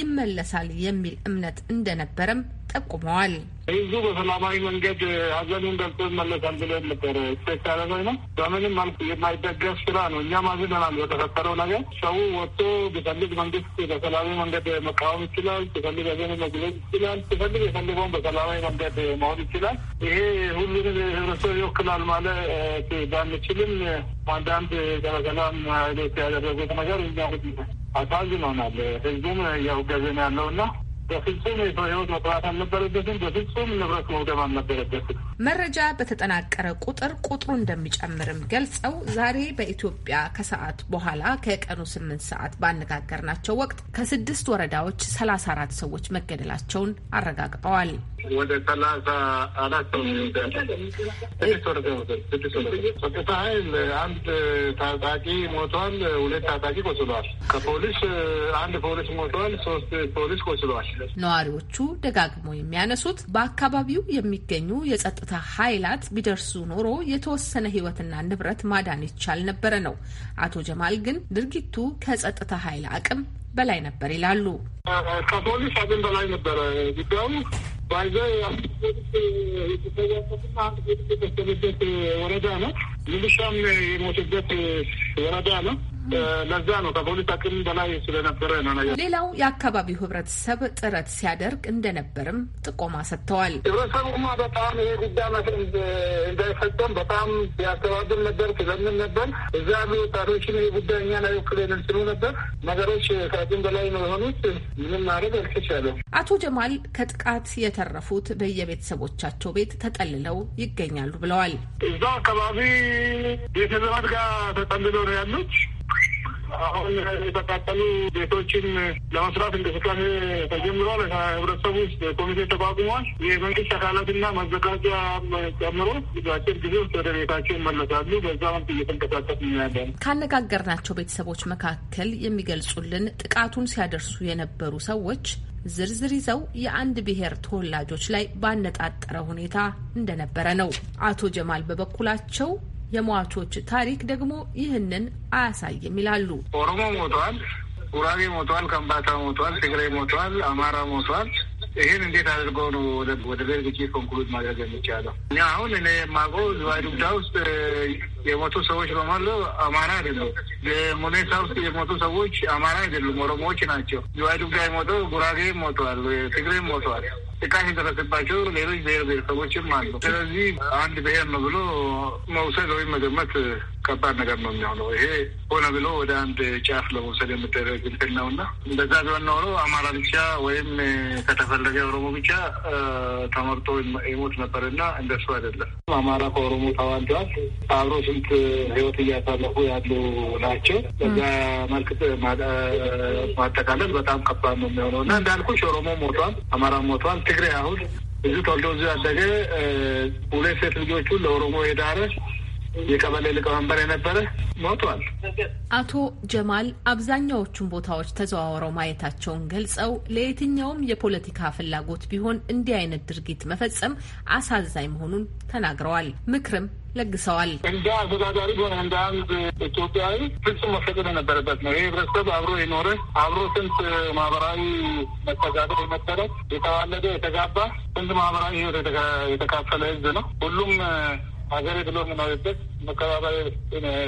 ይመለሳል የሚል እምነት እንደነበረም ጠቁመዋል። ህዝቡ በሰላማዊ መንገድ ሀዘኑን ገልጾ ይመለሳል ብለን ነበረ ስፔክት ነው። በምንም መልኩ የማይደገፍ ስራ ነው። እኛም አዝነናል በተፈጠረው ነገር። ሰው ወጥቶ ቢፈልግ መንግስት በሰላማዊ መንገድ መቃወም ይችላል፣ ቢፈልግ ሀዘኑ መግለጽ ይችላል፣ ቢፈልግ የፈልገውን በሰላማዊ መንገድ መሆን ይችላል። ይሄ ሁሉንም ህብረተሰብ ይወክላል ማለት ባንችልም አንዳንድ በሰላም ኃይሎች ያደረጉት ነገር እኛ አሳዝኖናል። ህዝቡም ያው ገዘን ያለውና በፍጹም የሰው ህይወት መጥፋት አልነበረበትም። በፍጹም ንብረት መውደም አልነበረበትም። መረጃ በተጠናቀረ ቁጥር ቁጥሩ እንደሚጨምርም ገልጸው ዛሬ በኢትዮጵያ ከሰዓት በኋላ ከቀኑ ስምንት ሰዓት ባነጋገርናቸው ወቅት ከስድስት ወረዳዎች ሰላሳ አራት ሰዎች መገደላቸውን አረጋግጠዋል። ወደ ሰላሳ አራት ሰው ኃይል አንድ ታጣቂ ሞቷል፣ ሁለት ታጣቂ ቆስሏል። ከፖሊስ አንድ ፖሊስ ሞቷል፣ ሶስት ፖሊስ ቆስሏል። ነዋሪዎቹ ደጋግሞ የሚያነሱት በአካባቢው የሚገኙ የጸጥታ ኃይላት ቢደርሱ ኖሮ የተወሰነ ህይወትና ንብረት ማዳን ይቻል ነበረ ነው። አቶ ጀማል ግን ድርጊቱ ከጸጥታ ኃይል አቅም በላይ ነበር ይላሉ። ከፖሊስ አቅም በላይ ነበረ ጉዳዩ ባይዘ የተሰዋሰትና አንድ ቤት የተሰበበት ወረዳ ነው። ሚሊሻም የሞተበት የመዳነው ለዛ ነው ከፖሊስ አቅም በላይ ስለነበረ ነው። ሌላው የአካባቢው ህብረተሰብ ጥረት ሲያደርግ እንደነበርም ጥቆማ ሰጥተዋል። ህብረተሰቡማ በጣም ይሄ ጉዳይ እንዳይፈጸም በጣም ያስተባብል ነበር፣ ስለምን ነበር እዛ ያሉ ወጣቶችን ይሄ ጉዳይ እኛን አይወክለንም ስሉ ነበር። ነገሮች ከአቅም በላይ ነው የሆኑት። ምንም ማድረግ አልተቻለም። አቶ ጀማል ከጥቃት የተረፉት በየቤተሰቦቻቸው ቤት ተጠልለው ይገኛሉ ብለዋል። እዛ አካባቢ ቤተዘመድ ጋር ተጠልሎ ዙር ያሉት አሁን የተቃጠሉ ቤቶችን ለመስራት እንቅስቃሴ ተጀምሯል። ህብረተሰቡ ውስጥ ኮሚቴ ተቋቁሟል። የመንግስት አካላትና ማዘጋጃ ጨምሮ አጭር ጊዜ ውስጥ ወደ ቤታቸው ይመለሳሉ። በዛ መልክ እየተንቀሳቀስ ያለን ካነጋገርናቸው ቤተሰቦች መካከል የሚገልጹልን ጥቃቱን ሲያደርሱ የነበሩ ሰዎች ዝርዝር ይዘው የአንድ ብሔር ተወላጆች ላይ ባነጣጠረ ሁኔታ እንደነበረ ነው። አቶ ጀማል በበኩላቸው የሟቾች ታሪክ ደግሞ ይህንን አያሳይም ይላሉ። ኦሮሞ ሞቷል፣ ጉራጌ ሞቷል፣ ከምባታ ሞቷል፣ ትግራይ ሞቷል፣ አማራ ሞቷል። ይህን እንዴት አድርገው ነው ወደ ቤር ግጭት ኮንክሉድ ማድረግ የሚቻለው? እኛ አሁን እኔ የማውቀው ዝዋይ ዱግዳ ውስጥ የሞቱ ሰዎች በማለ አማራ አይደሉም። በሙኔሳ ውስጥ የሞቱ ሰዎች አማራ አይደሉም፣ ኦሮሞዎች ናቸው። ዝዋይ ዱግዳ የሞተው ጉራጌ ሞቷል፣ ትግሬ ሞቷል። ጥቃት የደረሰባቸው ሌሎች ብሔር ብሔረሰቦችም አሉ። ስለዚህ አንድ ብሔር ነው ብሎ መውሰድ ወይም መገመት ከባድ ነገር ነው የሚሆነው። ይሄ ሆነ ብሎ ወደ አንድ ጫፍ ለመውሰድ የምደረግ እንትን ነው እና እንደዛ ቢሆን ኖሮ አማራ ብቻ ወይም ከተፈለገ ኦሮሞ ብቻ ተመርጦ ይሞት ነበር እና እንደሱ አይደለም። አማራ ከኦሮሞ ተዋልዷል። አብሮ ስንት ህይወት እያሳለፉ ያሉ ናቸው። በዛ መልክ ማጠቃለል በጣም ከባድ ነው የሚሆነው እና እንዳልኩሽ ኦሮሞ ሞቷል፣ አማራ ሞቷል። ትግሬ አሁን ብዙ ተወልዶ ያደገ ሁለት ሴት ልጆቹ ለኦሮሞ የዳረ የቀበሌ ሊቀመንበር የነበረ ሞቷል። አቶ ጀማል አብዛኛዎቹን ቦታዎች ተዘዋውረው ማየታቸውን ገልጸው ለየትኛውም የፖለቲካ ፍላጎት ቢሆን እንዲህ አይነት ድርጊት መፈጸም አሳዛኝ መሆኑን ተናግረዋል። ምክርም ለግሰዋል። እንደ አስተዳዳሪ ሆነ እንደ አንድ ኢትዮጵያዊ ፍጹም መፈቀድ የነበረበት ነው። ይህ ህብረተሰብ አብሮ የኖረ አብሮ ስንት ማህበራዊ መተጋገር የነበረ የተዋለደ የተጋባ ስንት ማህበራዊ ህይወት የተካፈለ ህዝብ ነው። ሁሉም ሀገሬ ብሎ የማይበት መከባበር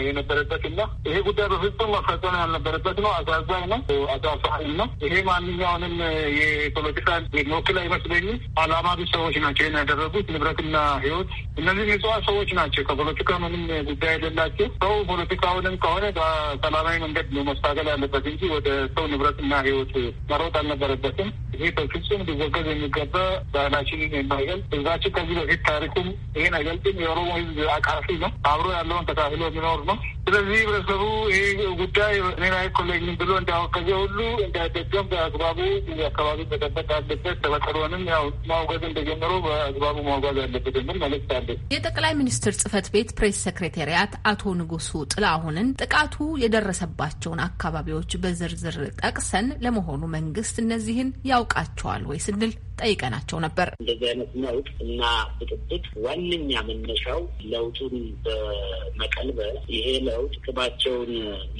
የነበረበት እና ይሄ ጉዳይ በፍጹም መፈጸም ያልነበረበት ነው። አሳዛኝ ነው፣ አሳፋሪ ነው። ይሄ ማንኛውንም የፖለቲካ ሞክል አይመስለኝ። አላማ ቢስ ሰዎች ናቸው ይህን ያደረጉት፣ ንብረትና ህይወት። እነዚህ ንጹሐን ሰዎች ናቸው፣ ከፖለቲካ ምንም ጉዳይ የሌላቸው። ሰው ፖለቲካውንም ከሆነ በሰላማዊ መንገድ ነው መስታገል ያለበት እንጂ ወደ ሰው ንብረትና ህይወት መሮጥ አልነበረበትም። ይህ በፍጹም ሊወገዝ የሚገባ ባህላችን የማይገልጽ ህዝባችን ከዚህ በፊት ታሪኩም ይህን አይገልጽም የኦሮሞ ህዝብ አቃፊ ነው። አብሮ ያለውን ተካፍሎ የሚኖር ነው። ስለዚህ ህብረተሰቡ ይህ ጉዳይ ሌላ ኮሌጅ ብሎ እንዳወገዘ ሁሉ እንዳይደገም በአግባቡ አካባቢ መጠበቅ አለበት። ተፈጠሮንም ያው ማውገዝ እንደጀመሩ በአግባቡ ማውጋዝ አለበት የሚል መልእክት አለ። የጠቅላይ ሚኒስትር ጽህፈት ቤት ፕሬስ ሴክሬታሪያት አቶ ንጉሱ ጥላሁንን ጥቃቱ የደረሰባቸውን አካባቢዎች በዝርዝር ጠቅሰን ለመሆኑ መንግስት እነዚህን ያውቃቸዋል ወይ ስንል ጠይቀናቸው ነበር። እንደዚህ አይነት ነውጥ እና ብጥብጥ ዋነኛ መነሻው ለውጡን በመቀልበል ይሄ ለውጥ ቅባቸውን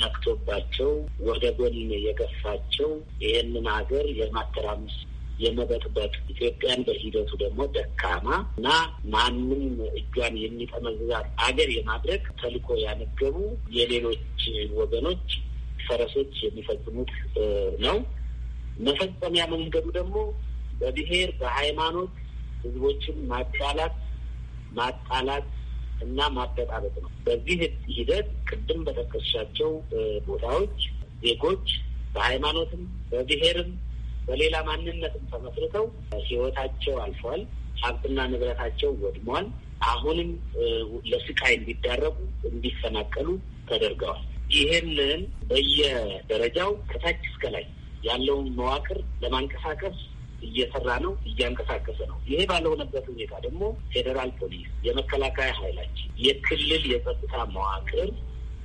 ነክቶባቸው ወደ ጎን የገፋቸው ይህንን ሀገር የማተራመስ የመበጥበጥ ኢትዮጵያን በሂደቱ ደግሞ ደካማ እና ማንም እጇን የሚጠመዝዛት አገር የማድረግ ተልዕኮ ያነገቡ የሌሎች ወገኖች ፈረሶች የሚፈጽሙት ነው። መፈጸሚያ መንገዱ ደግሞ በብሔር በሃይማኖት ህዝቦችን ማጣላት ማጣላት እና ማበጣበጥ ነው። በዚህ ሂደት ቅድም በጠቀስሻቸው ቦታዎች ዜጎች በሃይማኖትም በብሔርም በሌላ ማንነትም ተመስርተው ህይወታቸው አልፏል። ሀብትና ንብረታቸው ወድሟል። አሁንም ለስቃይ እንዲዳረጉ እንዲፈናቀሉ ተደርገዋል። ይህንን በየደረጃው ከታች እስከ ላይ ያለውን መዋቅር ለማንቀሳቀስ እየሰራ ነው፣ እያንቀሳቀሰ ነው። ይሄ ባልሆነበት ሁኔታ ደግሞ ፌዴራል ፖሊስ፣ የመከላከያ ኃይላችን፣ የክልል የጸጥታ መዋቅር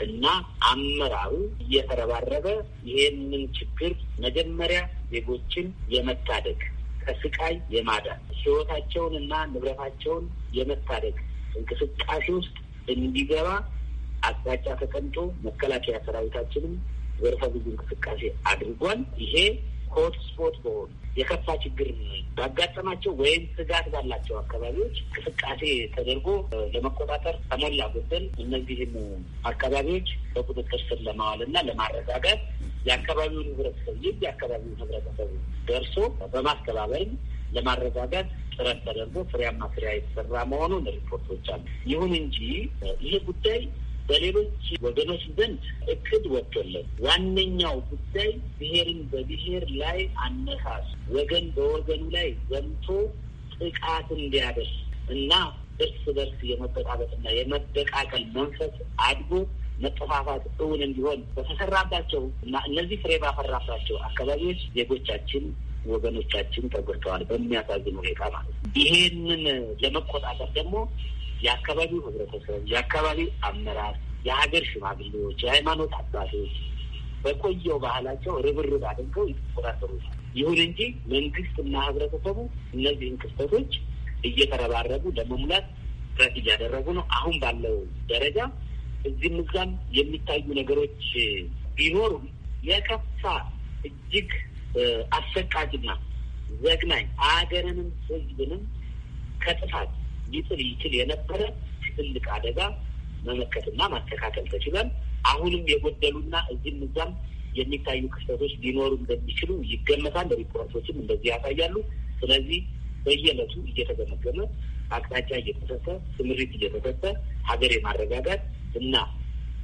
እና አመራሩ እየተረባረበ ይሄንን ችግር መጀመሪያ ዜጎችን የመታደግ ከስቃይ የማዳን ህይወታቸውን እና ንብረታቸውን የመታደግ እንቅስቃሴ ውስጥ እንዲገባ አቅጣጫ ተቀምጦ መከላከያ ሰራዊታችንም ዘርፈ ብዙ እንቅስቃሴ አድርጓል። ይሄ ሆት ስፖት በሆኑ የከፋ ችግር ባጋጠማቸው ወይም ስጋት ባላቸው አካባቢዎች እንቅስቃሴ ተደርጎ ለመቆጣጠር ከሞላ ጎደል እነዚህም አካባቢዎች በቁጥጥር ስር ለማዋል እና ለማረጋጋት የአካባቢውን ህብረተሰብ ይህ የአካባቢውን ህብረተሰብ ደርሶ በማስተባበርም ለማረጋጋት ጥረት ተደርጎ ፍሬያማ ፍሬያ የተሰራ መሆኑን ሪፖርቶች አሉ። ይሁን እንጂ ይህ ጉዳይ በሌሎች ወገኖች ዘንድ እቅድ ወጥቶለት ዋነኛው ጉዳይ ብሔርን በብሔር ላይ አነሳስ ወገን በወገኑ ላይ ዘምቶ ጥቃት እንዲያደርስ እና እርስ በርስ የመበጣበጥና የመበቃቀል መንፈስ አድጎ መጠፋፋት እውን እንዲሆን በተሰራባቸው እና እነዚህ ፍሬ ባፈራባቸው አካባቢዎች ዜጎቻችን ወገኖቻችን ተጎድተዋል በሚያሳዝን ሁኔታ ማለት ነው። ይሄንን ለመቆጣጠር ደግሞ የአካባቢው ህብረተሰብ፣ የአካባቢው አመራር፣ የሀገር ሽማግሌዎች፣ የሃይማኖት አባቶች በቆየው ባህላቸው ርብርብ አድርገው ይቆጣጠሩታል። ይሁን እንጂ እና ህብረተሰቡ እነዚህን ክስተቶች እየተረባረቡ ለመሙላት ጥረት እያደረጉ ነው። አሁን ባለው ደረጃ እዚህም እዛም የሚታዩ ነገሮች ቢኖሩም የከፋ እጅግ አሰቃቂና ዘግናኝ አገርንም ህዝብንም ከጥፋት ሊጥል ይችል የነበረ ትልቅ አደጋ መመከትና ማስተካከል ተችሏል። አሁንም የጎደሉና እዚህም እዛም የሚታዩ ክስተቶች ሊኖሩ እንደሚችሉ ይገመታል። ሪፖርቶችም እንደዚህ ያሳያሉ። ስለዚህ በየዕለቱ እየተገመገመ አቅጣጫ እየተሰጠ ስምሪት እየተሰጠ ሀገር የማረጋጋት እና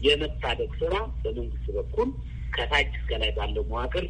የመታደግ ስራ በመንግስት በኩል ከታች እስከ ላይ ባለው መዋቅር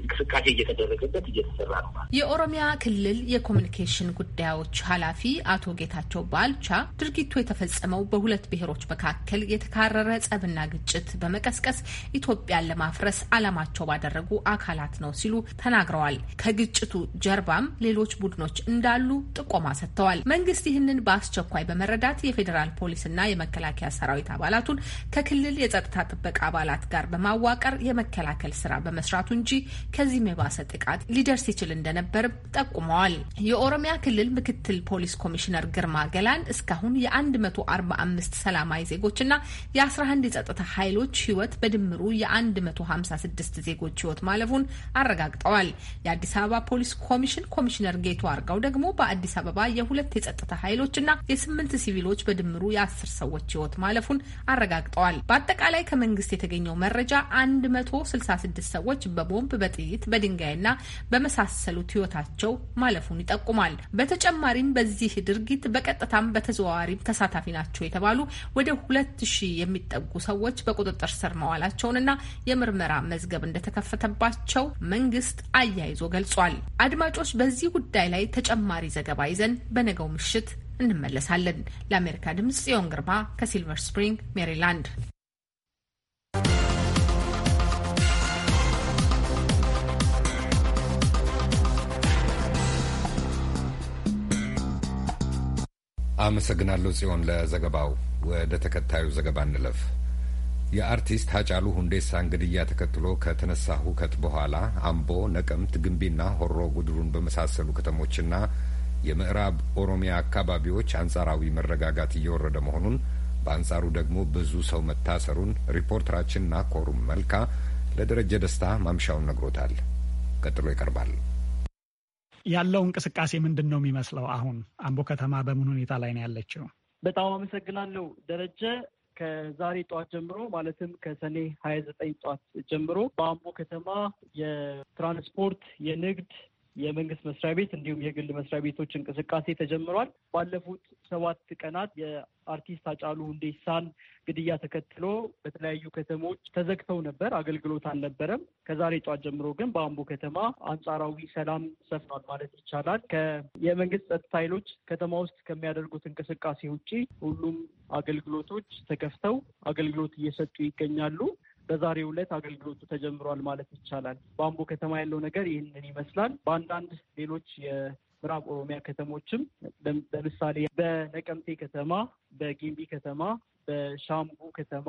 እንቅስቃሴ እየተደረገበት እየተሰራ ነው። የኦሮሚያ ክልል የኮሚኒኬሽን ጉዳዮች ኃላፊ አቶ ጌታቸው ባልቻ ድርጊቱ የተፈጸመው በሁለት ብሔሮች መካከል የተካረረ ጸብና ግጭት በመቀስቀስ ኢትዮጵያን ለማፍረስ አላማቸው ባደረጉ አካላት ነው ሲሉ ተናግረዋል። ከግጭቱ ጀርባም ሌሎች ቡድኖች እንዳሉ ጥቆማ ሰጥተዋል። መንግስት ይህንን በአስቸኳይ በመረዳት የፌዴራል ፖሊስና የመከላከያ ሰራዊት አባላቱን ከክልል የጸጥታ ጥበቃ አባላት ጋር በማዋ በማዋቀር የመከላከል ስራ በመስራቱ እንጂ ከዚህም የባሰ ጥቃት ሊደርስ ይችል እንደነበርም ጠቁመዋል። የኦሮሚያ ክልል ምክትል ፖሊስ ኮሚሽነር ግርማ ገላን እስካሁን የ145 ሰላማዊ ዜጎችና የ11 የጸጥታ ኃይሎች ህይወት በድምሩ የ156 ዜጎች ህይወት ማለፉን አረጋግጠዋል። የአዲስ አበባ ፖሊስ ኮሚሽን ኮሚሽነር ጌቱ አርጋው ደግሞ በአዲስ አበባ የሁለት የጸጥታ ኃይሎችና የስምንት ሲቪሎች በድምሩ የ ሰዎች ህይወት ማለፉን አረጋግጠዋል። በአጠቃላይ ከመንግስት የተገኘው መረጃ 166 ሰዎች በቦምብ በጥይት በድንጋይና በመሳሰሉት ህይወታቸው ማለፉን ይጠቁማል። በተጨማሪም በዚህ ድርጊት በቀጥታም በተዘዋዋሪም ተሳታፊ ናቸው የተባሉ ወደ ሁለት ሺህ የሚጠጉ ሰዎች በቁጥጥር ስር መዋላቸውንና የምርመራ መዝገብ እንደተከፈተባቸው መንግስት አያይዞ ገልጿል። አድማጮች፣ በዚህ ጉዳይ ላይ ተጨማሪ ዘገባ ይዘን በነገው ምሽት እንመለሳለን። ለአሜሪካ ድምጽ ጽዮን ግርማ ከሲልቨር ስፕሪንግ ሜሪላንድ አመሰግናለሁ ጽዮን ለዘገባው። ወደ ተከታዩ ዘገባ እንለፍ። የአርቲስት ሀጫሉ ሁንዴሳ እንግድያ ተከትሎ ከተነሳ ሁከት በኋላ አምቦ፣ ነቀምት፣ ግንቢና ሆሮ ጉድሩን በመሳሰሉ ከተሞችና የምዕራብ ኦሮሚያ አካባቢዎች አንጻራዊ መረጋጋት እየወረደ መሆኑን በአንጻሩ ደግሞ ብዙ ሰው መታሰሩን ሪፖርተራችን ናኮሩም መልካ ለደረጀ ደስታ ማምሻውን ነግሮታል። ቀጥሎ ይቀርባል። ያለው እንቅስቃሴ ምንድን ነው የሚመስለው? አሁን አምቦ ከተማ በምን ሁኔታ ላይ ነው ያለችው? በጣም አመሰግናለሁ ደረጀ። ከዛሬ ጠዋት ጀምሮ ማለትም ከሰኔ ሀያ ዘጠኝ ጠዋት ጀምሮ በአምቦ ከተማ የትራንስፖርት፣ የንግድ የመንግስት መስሪያ ቤት እንዲሁም የግል መስሪያ ቤቶች እንቅስቃሴ ተጀምሯል። ባለፉት ሰባት ቀናት የአርቲስት አጫሉ ሁንዴሳን ግድያ ተከትሎ በተለያዩ ከተሞች ተዘግተው ነበር፣ አገልግሎት አልነበረም። ከዛሬ ጧት ጀምሮ ግን በአምቦ ከተማ አንጻራዊ ሰላም ሰፍኗል ማለት ይቻላል። የመንግስት ጸጥታ ኃይሎች ከተማ ውስጥ ከሚያደርጉት እንቅስቃሴ ውጪ ሁሉም አገልግሎቶች ተከፍተው አገልግሎት እየሰጡ ይገኛሉ። በዛሬው ዕለት አገልግሎቱ ተጀምሯል ማለት ይቻላል። በአምቦ ከተማ ያለው ነገር ይህንን ይመስላል። በአንዳንድ ሌሎች የምዕራብ ኦሮሚያ ከተሞችም ለምሳሌ በነቀምቴ ከተማ፣ በጊምቢ ከተማ፣ በሻምቡ ከተማ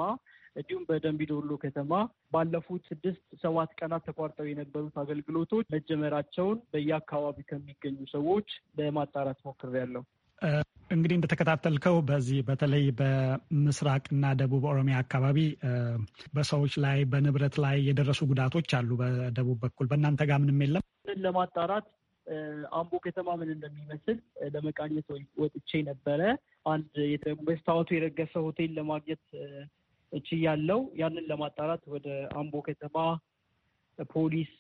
እንዲሁም በደንቢዶሎ ከተማ ባለፉት ስድስት ሰባት ቀናት ተቋርጠው የነበሩት አገልግሎቶች መጀመራቸውን በየአካባቢ ከሚገኙ ሰዎች ለማጣራት ሞክሬያለሁ። እንግዲህ እንደተከታተልከው በዚህ በተለይ በምስራቅና ደቡብ ኦሮሚያ አካባቢ በሰዎች ላይ በንብረት ላይ የደረሱ ጉዳቶች አሉ። በደቡብ በኩል በእናንተ ጋር ምንም የለም? ለማጣራት አምቦ ከተማ ምን እንደሚመስል ለመቃኘት ወጥቼ ነበረ። አንድ መስታወቱ የረገሰ ሆቴል ለማግኘት ያለው ያንን ለማጣራት ወደ አምቦ ከተማ ፖሊስ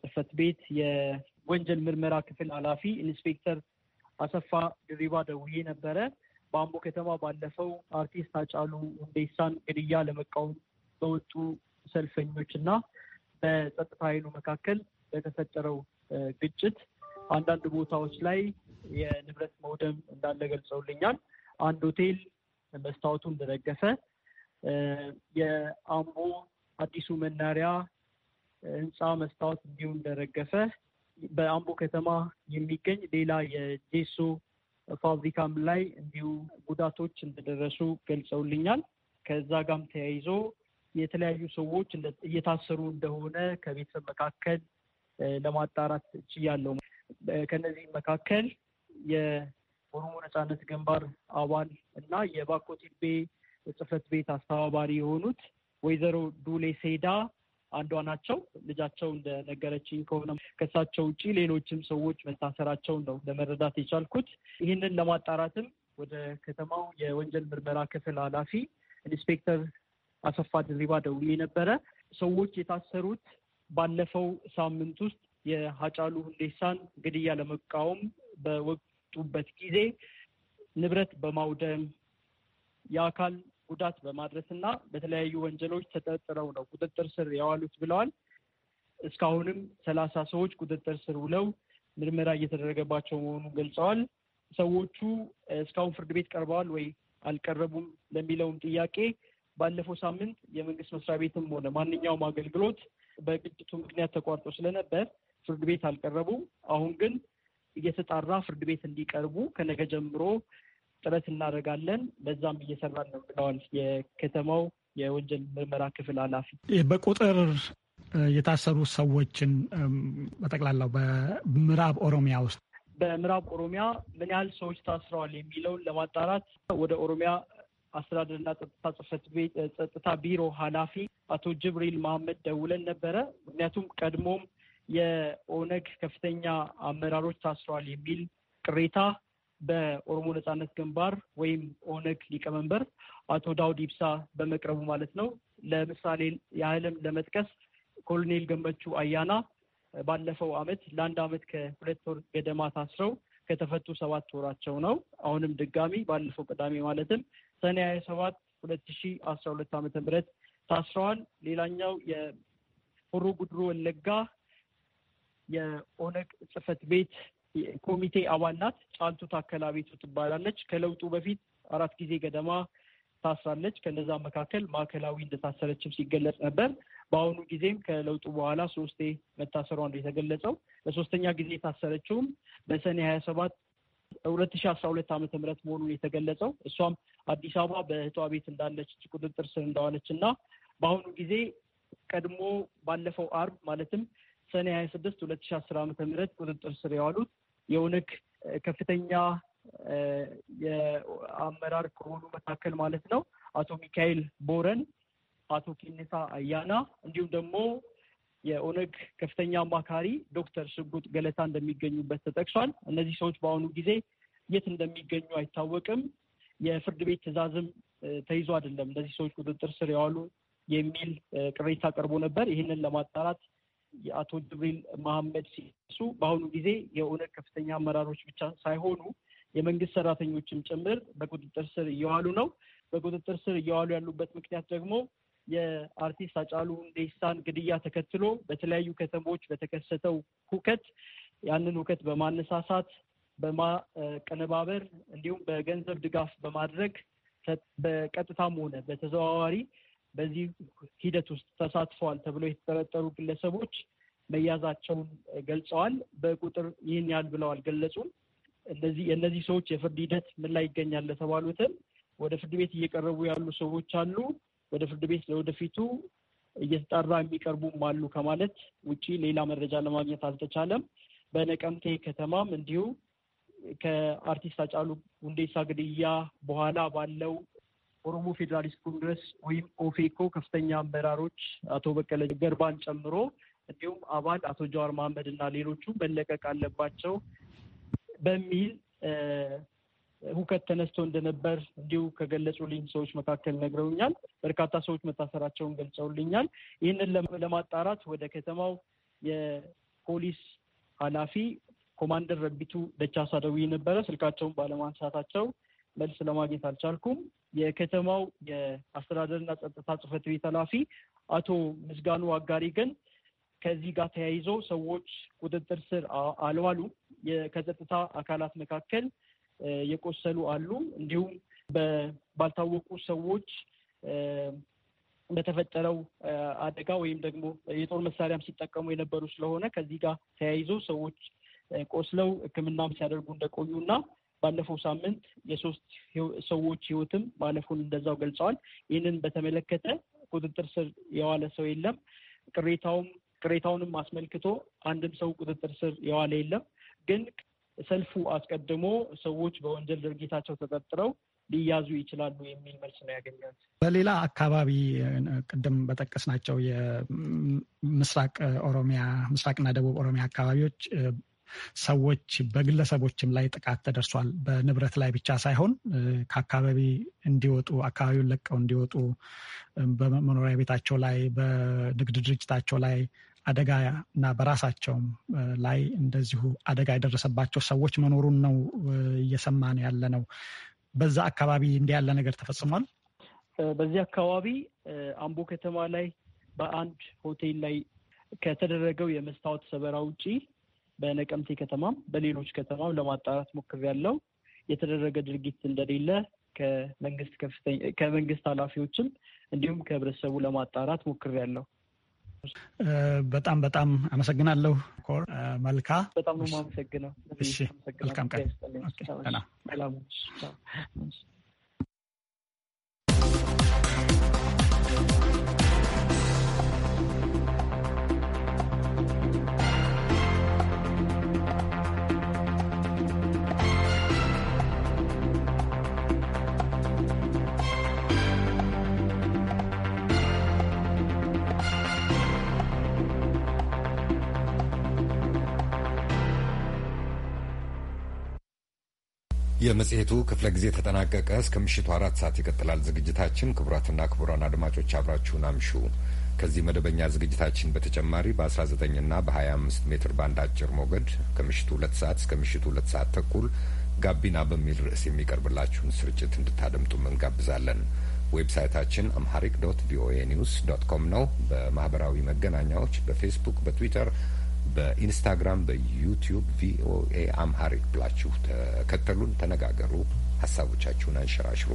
ጽህፈት ቤት የወንጀል ምርመራ ክፍል ኃላፊ ኢንስፔክተር አሰፋ ድሪባ ደውዬ ነበረ። በአምቦ ከተማ ባለፈው አርቲስት አጫሉ ሁንዴሳን ግድያ ለመቃወም በወጡ ሰልፈኞች እና በጸጥታ ኃይሉ መካከል በተፈጠረው ግጭት አንዳንድ ቦታዎች ላይ የንብረት መውደም እንዳለ ገልጸውልኛል። አንድ ሆቴል መስታወቱ እንደረገፈ፣ የአምቦ አዲሱ መናሪያ ህንፃ መስታወት እንዲሁ እንደረገፈ በአምቦ ከተማ የሚገኝ ሌላ የጄሶ ፋብሪካም ላይ እንዲሁ ጉዳቶች እንደደረሱ ገልጸውልኛል። ከዛ ጋም ተያይዞ የተለያዩ ሰዎች እየታሰሩ እንደሆነ ከቤተሰብ መካከል ለማጣራት ችያለሁ። ከነዚህ መካከል የኦሮሞ ነጻነት ግንባር አባል እና የባኮቲቤ ቲቤ ጽህፈት ቤት አስተባባሪ የሆኑት ወይዘሮ ዱሌ ሴዳ አንዷ ናቸው። ልጃቸው እንደነገረችኝ ከሆነ ከእሳቸው ውጭ ሌሎችም ሰዎች መታሰራቸውን ነው ለመረዳት የቻልኩት። ይህንን ለማጣራትም ወደ ከተማው የወንጀል ምርመራ ክፍል ኃላፊ ኢንስፔክተር አሰፋ ድሪባ ደውዬ ነበረ። ሰዎች የታሰሩት ባለፈው ሳምንት ውስጥ የሀጫሉ ሁንዴሳን ግድያ ለመቃወም በወጡበት ጊዜ ንብረት በማውደም የአካል ጉዳት በማድረስና በተለያዩ ወንጀሎች ተጠርጥረው ነው ቁጥጥር ስር የዋሉት ብለዋል። እስካሁንም ሰላሳ ሰዎች ቁጥጥር ስር ውለው ምርመራ እየተደረገባቸው መሆኑን ገልጸዋል። ሰዎቹ እስካሁን ፍርድ ቤት ቀርበዋል ወይ አልቀረቡም ለሚለውም ጥያቄ ባለፈው ሳምንት የመንግስት መስሪያ ቤትም ሆነ ማንኛውም አገልግሎት በግጭቱ ምክንያት ተቋርጦ ስለነበር ፍርድ ቤት አልቀረቡም። አሁን ግን እየተጣራ ፍርድ ቤት እንዲቀርቡ ከነገ ጀምሮ ጥረት እናደርጋለን። በዛም እየሰራን ነው ብለዋል የከተማው የወንጀል ምርመራ ክፍል ኃላፊ። በቁጥር የታሰሩ ሰዎችን በጠቅላላው በምዕራብ ኦሮሚያ ውስጥ በምዕራብ ኦሮሚያ ምን ያህል ሰዎች ታስረዋል የሚለውን ለማጣራት ወደ ኦሮሚያ አስተዳደርና ጸጥታ ጽሕፈት ቤት ጸጥታ ቢሮ ኃላፊ አቶ ጅብሪል መሐመድ ደውለን ነበረ። ምክንያቱም ቀድሞም የኦነግ ከፍተኛ አመራሮች ታስረዋል የሚል ቅሬታ በኦሮሞ ነጻነት ግንባር ወይም ኦነግ ሊቀመንበር አቶ ዳውድ ኢብሳ በመቅረቡ ማለት ነው። ለምሳሌ የዓለም ለመጥቀስ ኮሎኔል ገመቹ አያና ባለፈው አመት ለአንድ አመት ከሁለት ወር ገደማ ታስረው ከተፈቱ ሰባት ወራቸው ነው። አሁንም ድጋሚ ባለፈው ቅዳሜ ማለትም ሰኔ ሀያ ሰባት ሁለት ሺ አስራ ሁለት ዓመተ ምህረት ታስረዋል። ሌላኛው የሆሮ ጉድሮ ወለጋ የኦነግ ጽህፈት ቤት ኮሚቴ አባል ናት። ጫልቱ ታከላ ቤቱ ትባላለች። ከለውጡ በፊት አራት ጊዜ ገደማ ታስራለች። ከነዛ መካከል ማዕከላዊ እንደታሰረችም ሲገለጽ ነበር። በአሁኑ ጊዜም ከለውጡ በኋላ ሶስቴ መታሰሯ ነው የተገለጸው። ለሶስተኛ ጊዜ የታሰረችውም በሰኔ ሀያ ሰባት ሁለት ሺ አስራ ሁለት ዓመተ ምህረት መሆኑን የተገለጸው እሷም አዲስ አበባ በእህቷ ቤት እንዳለች ቁጥጥር ስር እንደዋለች እና በአሁኑ ጊዜ ቀድሞ ባለፈው አርብ ማለትም ሰኔ ሀያ ስድስት ሁለት ሺ አስር ዓመተ ምህረት ቁጥጥር ስር የዋሉት የኦነግ ከፍተኛ የአመራር ከሆኑ መካከል ማለት ነው አቶ ሚካኤል ቦረን፣ አቶ ኬኔሳ አያና እንዲሁም ደግሞ የኦነግ ከፍተኛ አማካሪ ዶክተር ሽጉጥ ገለታ እንደሚገኙበት ተጠቅሷል። እነዚህ ሰዎች በአሁኑ ጊዜ የት እንደሚገኙ አይታወቅም። የፍርድ ቤት ትዕዛዝም ተይዞ አይደለም እነዚህ ሰዎች ቁጥጥር ስር የዋሉ የሚል ቅሬታ ቀርቦ ነበር። ይህንን ለማጣራት የአቶ ጅብሪል መሐመድ ሲሱ በአሁኑ ጊዜ የኦነግ ከፍተኛ አመራሮች ብቻ ሳይሆኑ የመንግስት ሰራተኞችም ጭምር በቁጥጥር ስር እየዋሉ ነው። በቁጥጥር ስር እየዋሉ ያሉበት ምክንያት ደግሞ የአርቲስት አጫሉ ሁንዴሳን ግድያ ተከትሎ በተለያዩ ከተሞች በተከሰተው ሁከት ያንን ሁከት በማነሳሳት በማቀነባበር እንዲሁም በገንዘብ ድጋፍ በማድረግ በቀጥታም ሆነ በተዘዋዋሪ በዚህ ሂደት ውስጥ ተሳትፈዋል ተብለው የተጠረጠሩ ግለሰቦች መያዛቸውን ገልጸዋል። በቁጥር ይህን ያህል ብለው አልገለጹም። እነዚህ የእነዚህ ሰዎች የፍርድ ሂደት ምን ላይ ይገኛል ለተባሉትም ወደ ፍርድ ቤት እየቀረቡ ያሉ ሰዎች አሉ። ወደ ፍርድ ቤት ለወደፊቱ እየተጣራ የሚቀርቡም አሉ ከማለት ውጪ ሌላ መረጃ ለማግኘት አልተቻለም። በነቀምቴ ከተማም እንዲሁ ከአርቲስት አጫሉ ሁንዴሳ ግድያ በኋላ ባለው ኦሮሞ ፌዴራሊስት ኮንግረስ ወይም ኦፌኮ ከፍተኛ አመራሮች አቶ በቀለ ገርባን ጨምሮ እንዲሁም አባል አቶ ጀዋር መሐመድ እና ሌሎቹ መለቀቅ አለባቸው በሚል ሁከት ተነስቶ እንደነበር እንዲሁ ከገለጹልኝ ሰዎች መካከል ነግረውኛል። በርካታ ሰዎች መታሰራቸውን ገልጸውልኛል። ይህንን ለማጣራት ወደ ከተማው የፖሊስ ኃላፊ ኮማንደር ረቢቱ ደቻሳ ደውዬ ነበረ። ስልካቸውን ባለማንሳታቸው መልስ ለማግኘት አልቻልኩም። የከተማው የአስተዳደርና ጸጥታ ጽህፈት ቤት ኃላፊ አቶ ምስጋኑ አጋሪ ግን ከዚህ ጋር ተያይዞ ሰዎች ቁጥጥር ስር አልዋሉ። ከጸጥታ አካላት መካከል የቆሰሉ አሉ። እንዲሁም ባልታወቁ ሰዎች በተፈጠረው አደጋ ወይም ደግሞ የጦር መሳሪያም ሲጠቀሙ የነበሩ ስለሆነ ከዚህ ጋር ተያይዞ ሰዎች ቆስለው ሕክምናም ሲያደርጉ እንደቆዩ እና ባለፈው ሳምንት የሶስት ሰዎች ህይወትም ማለፉን እንደዛው ገልጸዋል። ይህንን በተመለከተ ቁጥጥር ስር የዋለ ሰው የለም። ቅሬታውም ቅሬታውንም አስመልክቶ አንድም ሰው ቁጥጥር ስር የዋለ የለም። ግን ሰልፉ አስቀድሞ ሰዎች በወንጀል ድርጊታቸው ተጠርጥረው ሊያዙ ይችላሉ የሚል መልስ ነው ያገኘሁት። በሌላ አካባቢ ቅድም በጠቀስናቸው የምስራቅ ኦሮሚያ ምስራቅና ደቡብ ኦሮሚያ አካባቢዎች ሰዎች በግለሰቦችም ላይ ጥቃት ተደርሷል። በንብረት ላይ ብቻ ሳይሆን ከአካባቢ እንዲወጡ አካባቢውን ለቀው እንዲወጡ በመኖሪያ ቤታቸው ላይ፣ በንግድ ድርጅታቸው ላይ አደጋ እና በራሳቸውም ላይ እንደዚሁ አደጋ የደረሰባቸው ሰዎች መኖሩን ነው እየሰማን ያለ ነው። በዛ አካባቢ እንዲህ ያለ ነገር ተፈጽሟል። በዚህ አካባቢ አምቦ ከተማ ላይ በአንድ ሆቴል ላይ ከተደረገው የመስታወት ሰበራ ውጪ በነቀምቴ ከተማም በሌሎች ከተማም ለማጣራት ያለው የተደረገ ድርጊት እንደሌለ ከመንግስት ከፍተኛ ከመንግስት ኃላፊዎችም እንዲሁም ከህብረተሰቡ ለማጣራት ያለው። በጣም በጣም አመሰግናለሁ። ኮር መልካ በጣም ነው የማመሰግነው። መልካም ቀን። የመጽሔቱ ክፍለ ጊዜ ተጠናቀቀ። እስከ ምሽቱ አራት ሰዓት ይቀጥላል ዝግጅታችን። ክቡራትና ክቡራን አድማጮች አብራችሁን አምሹ። ከዚህ መደበኛ ዝግጅታችን በተጨማሪ በ19 እና በ25 ሜትር ባንድ አጭር ሞገድ ከምሽቱ ሁለት ሰዓት እስከ ምሽቱ ሁለት ሰዓት ተኩል ጋቢና በሚል ርዕስ የሚቀርብላችሁን ስርጭት እንድታደምጡ እንጋብዛለን። ዌብሳይታችን አምሃሪክ ዶት ቪኦኤ ኒውስ ዶት ኮም ነው። በማህበራዊ መገናኛዎች በፌስቡክ፣ በትዊተር በኢንስታግራም፣ በዩቲዩብ ቪኦኤ አምሃሪክ ብላችሁ ተከተሉን፣ ተነጋገሩ፣ ሀሳቦቻችሁን አንሸራሽሩ።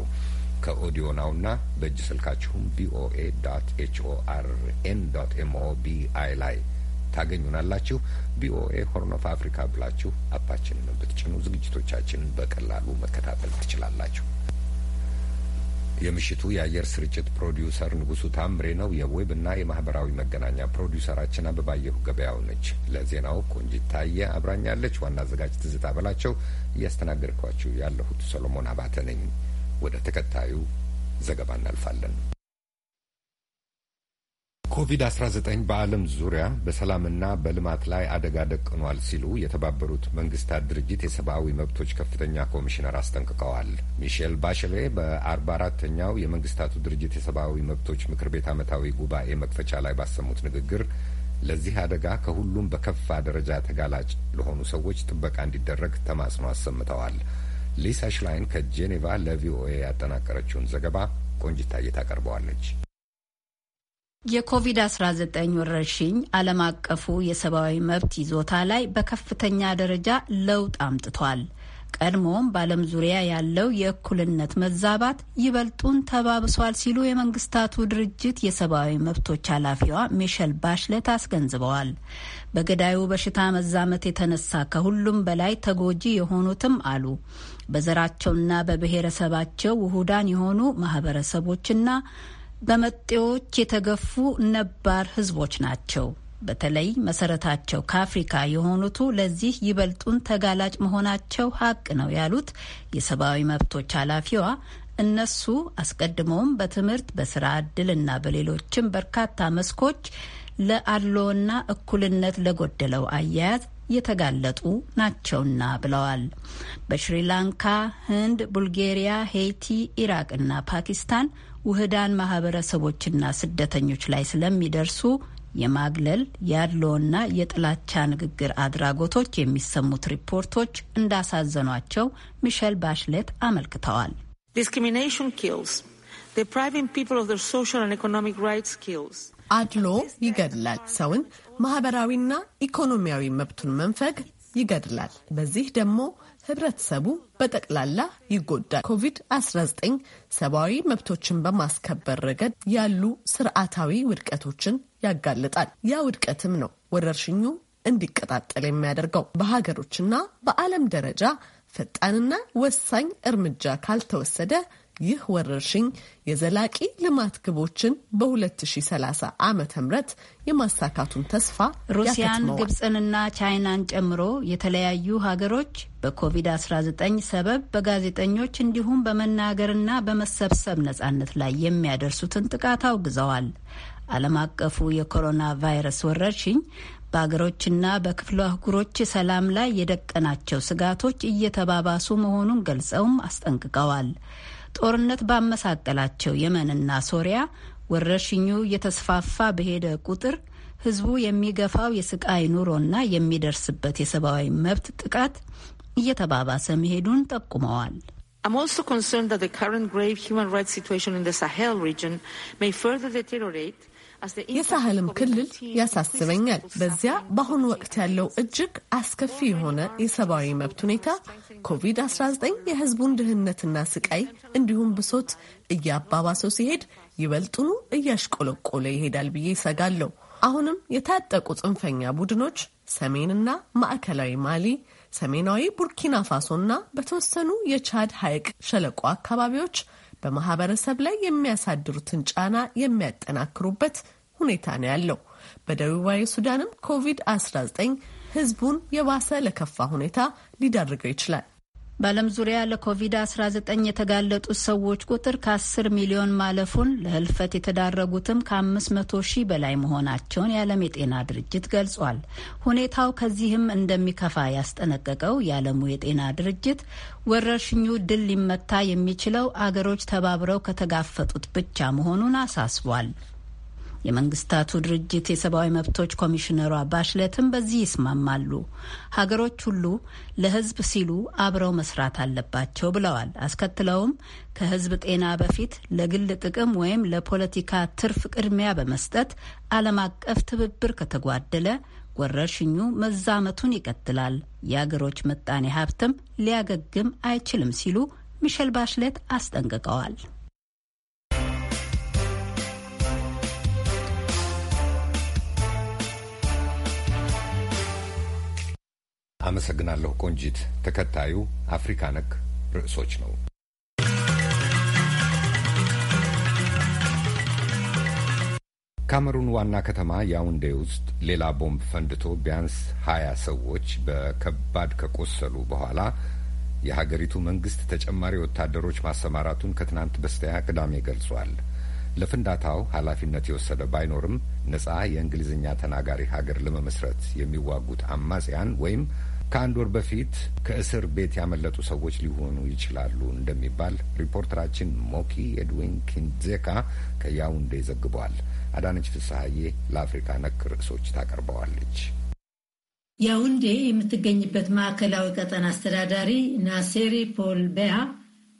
ከኦዲዮ ና በእጅ ስልካችሁም ቪኦኤ ዶት ኤችኦአርኤን ዶት ላይ ታገኙናላችሁ። ቪኦኤ ሆርን ኦፍ አፍሪካ ብላችሁ አፓችንን ብትጭኑ ዝግጅቶቻችንን በቀላሉ መከታተል ትችላላችሁ። የምሽቱ የአየር ስርጭት ፕሮዲውሰር ንጉሱ ታምሬ ነው። የዌብ እና የማህበራዊ መገናኛ ፕሮዲውሰራችን አበባየሁ ገበያው ነች። ለዜናው ቆንጂት ታየ አብራኛለች። ዋና አዘጋጅ ትዝታ በላቸው፣ እያስተናገድኳችሁ ያለሁት ሰሎሞን አባተ ነኝ። ወደ ተከታዩ ዘገባ እናልፋለን። ኮቪድ-19 በዓለም ዙሪያ በሰላምና በልማት ላይ አደጋ ደቅኗል ሲሉ የተባበሩት መንግስታት ድርጅት የሰብአዊ መብቶች ከፍተኛ ኮሚሽነር አስጠንቅቀዋል። ሚሼል ባሽሌ በአርባ አራተኛው የመንግስታቱ ድርጅት የሰብአዊ መብቶች ምክር ቤት ዓመታዊ ጉባኤ መክፈቻ ላይ ባሰሙት ንግግር ለዚህ አደጋ ከሁሉም በከፋ ደረጃ ተጋላጭ ለሆኑ ሰዎች ጥበቃ እንዲደረግ ተማጽኖ አሰምተዋል። ሊሳ ሽላይን ከጄኔቫ ለቪኦኤ ያጠናቀረችውን ዘገባ ቆንጅታ እየታቀርበዋለች። የኮቪድ-19 ወረርሽኝ ዓለም አቀፉ የሰብአዊ መብት ይዞታ ላይ በከፍተኛ ደረጃ ለውጥ አምጥቷል። ቀድሞም በዓለም ዙሪያ ያለው የእኩልነት መዛባት ይበልጡን ተባብሷል ሲሉ የመንግስታቱ ድርጅት የሰብአዊ መብቶች ኃላፊዋ ሚሸል ባሽለት አስገንዝበዋል። በገዳዩ በሽታ መዛመት የተነሳ ከሁሉም በላይ ተጎጂ የሆኑትም አሉ በዘራቸውና በብሔረሰባቸው ውሁዳን የሆኑ ማህበረሰቦችና በመጤዎች የተገፉ ነባር ህዝቦች ናቸው። በተለይ መሰረታቸው ከአፍሪካ የሆኑቱ ለዚህ ይበልጡን ተጋላጭ መሆናቸው ሀቅ ነው ያሉት የሰብአዊ መብቶች ኃላፊዋ እነሱ አስቀድሞውም በትምህርት በስራ እድል እና በሌሎችም በርካታ መስኮች ለአድሎና እኩልነት ለጎደለው አያያዝ የተጋለጡ ናቸውና ብለዋል። በሽሪላንካ፣ ህንድ፣ ቡልጌሪያ፣ ሄይቲ፣ ኢራቅ እና ፓኪስታን ውህዳን ማህበረሰቦችና ስደተኞች ላይ ስለሚደርሱ የማግለል ያለውና የጥላቻ ንግግር አድራጎቶች የሚሰሙት ሪፖርቶች እንዳሳዘኗቸው ሚሸል ባሽሌት አመልክተዋል። አድሎ ይገድላል። ሰውን ማህበራዊና ኢኮኖሚያዊ መብቱን መንፈግ ይገድላል። በዚህ ደግሞ ህብረተሰቡ በጠቅላላ ይጎዳል። ኮቪድ-19 ሰብአዊ መብቶችን በማስከበር ረገድ ያሉ ስርዓታዊ ውድቀቶችን ያጋልጣል። ያ ውድቀትም ነው ወረርሽኙ እንዲቀጣጠል የሚያደርገው። በሀገሮችና በዓለም ደረጃ ፈጣንና ወሳኝ እርምጃ ካልተወሰደ ይህ ወረርሽኝ የዘላቂ ልማት ግቦችን በ2030 ዓመተ ምህረት የማሳካቱን ተስፋ ሩሲያን፣ ግብፅንና ቻይናን ጨምሮ የተለያዩ ሀገሮች በኮቪድ-19 ሰበብ በጋዜጠኞች እንዲሁም በመናገርና በመሰብሰብ ነጻነት ላይ የሚያደርሱትን ጥቃት አውግዘዋል። ዓለም አቀፉ የኮሮና ቫይረስ ወረርሽኝ በአገሮችና በክፍለ አህጉሮች ሰላም ላይ የደቀናቸው ስጋቶች እየተባባሱ መሆኑን ገልጸውም አስጠንቅቀዋል። ጦርነት ባመሳቀላቸው የመንና ሶሪያ ወረርሽኙ የተስፋፋ በሄደ ቁጥር ህዝቡ የሚገፋው የስቃይ ኑሮና የሚደርስበት የሰብአዊ መብት ጥቃት እየተባባሰ መሄዱን ጠቁመዋል። ሳሄል ሪጅን ሜይ ፈርዘር ዴቴሪዮሬት የሳህልም ክልል ያሳስበኛል። በዚያ በአሁኑ ወቅት ያለው እጅግ አስከፊ የሆነ የሰብአዊ መብት ሁኔታ ኮቪድ-19 የህዝቡን ድህነትና ስቃይ እንዲሁም ብሶት እያባባሰው ሲሄድ ይበልጡኑ እያሽቆለቆለ ይሄዳል ብዬ ይሰጋለሁ። አሁንም የታጠቁ ጽንፈኛ ቡድኖች ሰሜንና ማዕከላዊ ማሊ፣ ሰሜናዊ ቡርኪና ፋሶና በተወሰኑ የቻድ ሐይቅ ሸለቆ አካባቢዎች በማህበረሰብ ላይ የሚያሳድሩትን ጫና የሚያጠናክሩበት ሁኔታ ነው ያለው። በደቡባዊ ሱዳንም ኮቪድ-19 ህዝቡን የባሰ ለከፋ ሁኔታ ሊዳርገው ይችላል። በዓለም ዙሪያ ለኮቪድ-19 የተጋለጡት ሰዎች ቁጥር ከ10 ሚሊዮን ማለፉን ለህልፈት የተዳረጉትም ከ500 ሺህ በላይ መሆናቸውን የዓለም የጤና ድርጅት ገልጿል። ሁኔታው ከዚህም እንደሚከፋ ያስጠነቀቀው የዓለሙ የጤና ድርጅት ወረርሽኙ ድል ሊመታ የሚችለው አገሮች ተባብረው ከተጋፈጡት ብቻ መሆኑን አሳስቧል። የመንግስታቱ ድርጅት የሰብአዊ መብቶች ኮሚሽነሯ ባሽለትም በዚህ ይስማማሉ። ሀገሮች ሁሉ ለህዝብ ሲሉ አብረው መስራት አለባቸው ብለዋል። አስከትለውም ከህዝብ ጤና በፊት ለግል ጥቅም ወይም ለፖለቲካ ትርፍ ቅድሚያ በመስጠት ዓለም አቀፍ ትብብር ከተጓደለ ወረርሽኙ መዛመቱን ይቀጥላል፣ የአገሮች ምጣኔ ሀብትም ሊያገግም አይችልም ሲሉ ሚሸል ባሽሌት አስጠንቅቀዋል። አመሰግናለሁ ቆንጂት። ተከታዩ አፍሪካ ነክ ርዕሶች ነው። ካሜሩን ዋና ከተማ ያውንዴ ውስጥ ሌላ ቦምብ ፈንድቶ ቢያንስ ሀያ ሰዎች በከባድ ከቆሰሉ በኋላ የሀገሪቱ መንግስት ተጨማሪ ወታደሮች ማሰማራቱን ከትናንት በስቲያ ቅዳሜ ገልጿል። ለፍንዳታው ኃላፊነት የወሰደ ባይኖርም ነጻ የእንግሊዝኛ ተናጋሪ ሀገር ለመመስረት የሚዋጉት አማጽያን ወይም ከአንድ ወር በፊት ከእስር ቤት ያመለጡ ሰዎች ሊሆኑ ይችላሉ እንደሚባል ሪፖርተራችን ሞኪ ኤድዊን ኪንዜካ ከያውንዴ ዘግቧል። አዳነች ፍስሐዬ ለአፍሪካ ነክ ርዕሶች ታቀርበዋለች። ያውንዴ የምትገኝበት ማዕከላዊ ቀጠና አስተዳዳሪ ናሴሪ ፖል ቤያ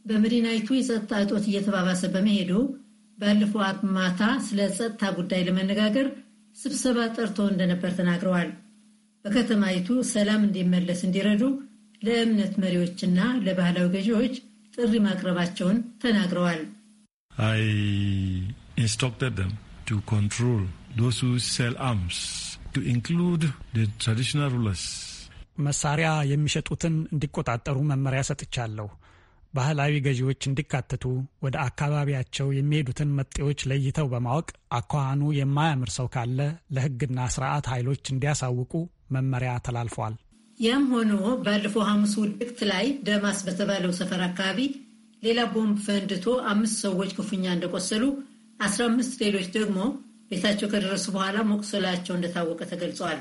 በመዲናይቱ የጸጥታ እጦት እየተባባሰ በመሄዱ ባለፈው አርብ ማታ ስለ ጸጥታ ጉዳይ ለመነጋገር ስብሰባ ጠርቶ እንደነበር ተናግረዋል። በከተማይቱ ሰላም እንዲመለስ እንዲረዱ ለእምነት መሪዎችና ለባህላዊ ገዢዎች ጥሪ ማቅረባቸውን ተናግረዋል። መሳሪያ የሚሸጡትን እንዲቆጣጠሩ መመሪያ ሰጥቻለሁ። ባህላዊ ገዢዎች እንዲካተቱ፣ ወደ አካባቢያቸው የሚሄዱትን መጤዎች ለይተው በማወቅ አኳኋኑ የማያምር ሰው ካለ ለሕግና ስርዓት ኃይሎች እንዲያሳውቁ መመሪያ ተላልፏል። ያም ሆኖ ባለፈው ሐሙስ ውድቅት ላይ ደማስ በተባለው ሰፈር አካባቢ ሌላ ቦምብ ፈንድቶ አምስት ሰዎች ክፉኛ እንደቆሰሉ፣ አስራ አምስት ሌሎች ደግሞ ቤታቸው ከደረሱ በኋላ መቁሰላቸው እንደታወቀ ተገልጸዋል።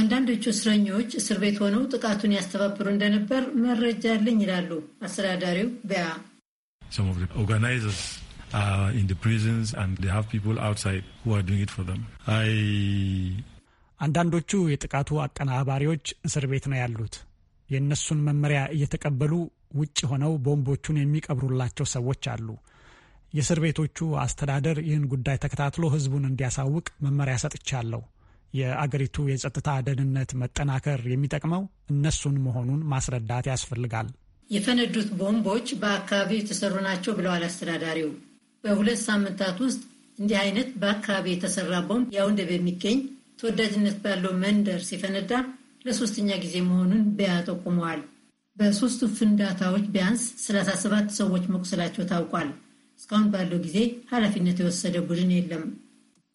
አንዳንዶቹ እስረኞች እስር ቤት ሆነው ጥቃቱን ያስተባብሩ እንደነበር መረጃ አለኝ ይላሉ አስተዳዳሪው በያ አንዳንዶቹ የጥቃቱ አቀናባሪዎች እስር ቤት ነው ያሉት። የእነሱን መመሪያ እየተቀበሉ ውጭ ሆነው ቦምቦቹን የሚቀብሩላቸው ሰዎች አሉ። የእስር ቤቶቹ አስተዳደር ይህን ጉዳይ ተከታትሎ ህዝቡን እንዲያሳውቅ መመሪያ ሰጥቻለሁ። የአገሪቱ የጸጥታ ደህንነት መጠናከር የሚጠቅመው እነሱን መሆኑን ማስረዳት ያስፈልጋል። የፈነዱት ቦምቦች በአካባቢው የተሰሩ ናቸው ብለዋል አስተዳዳሪው። በሁለት ሳምንታት ውስጥ እንዲህ አይነት በአካባቢ የተሰራ ቦምብ ያውንዴ በሚገኝ ተወዳጅነት ባለው መንደር ሲፈነዳ ለሶስተኛ ጊዜ መሆኑን ቢያ ጠቁመዋል። በሶስቱ ፍንዳታዎች ቢያንስ 37 ሰዎች መቁሰላቸው ታውቋል። እስካሁን ባለው ጊዜ ኃላፊነት የወሰደ ቡድን የለም።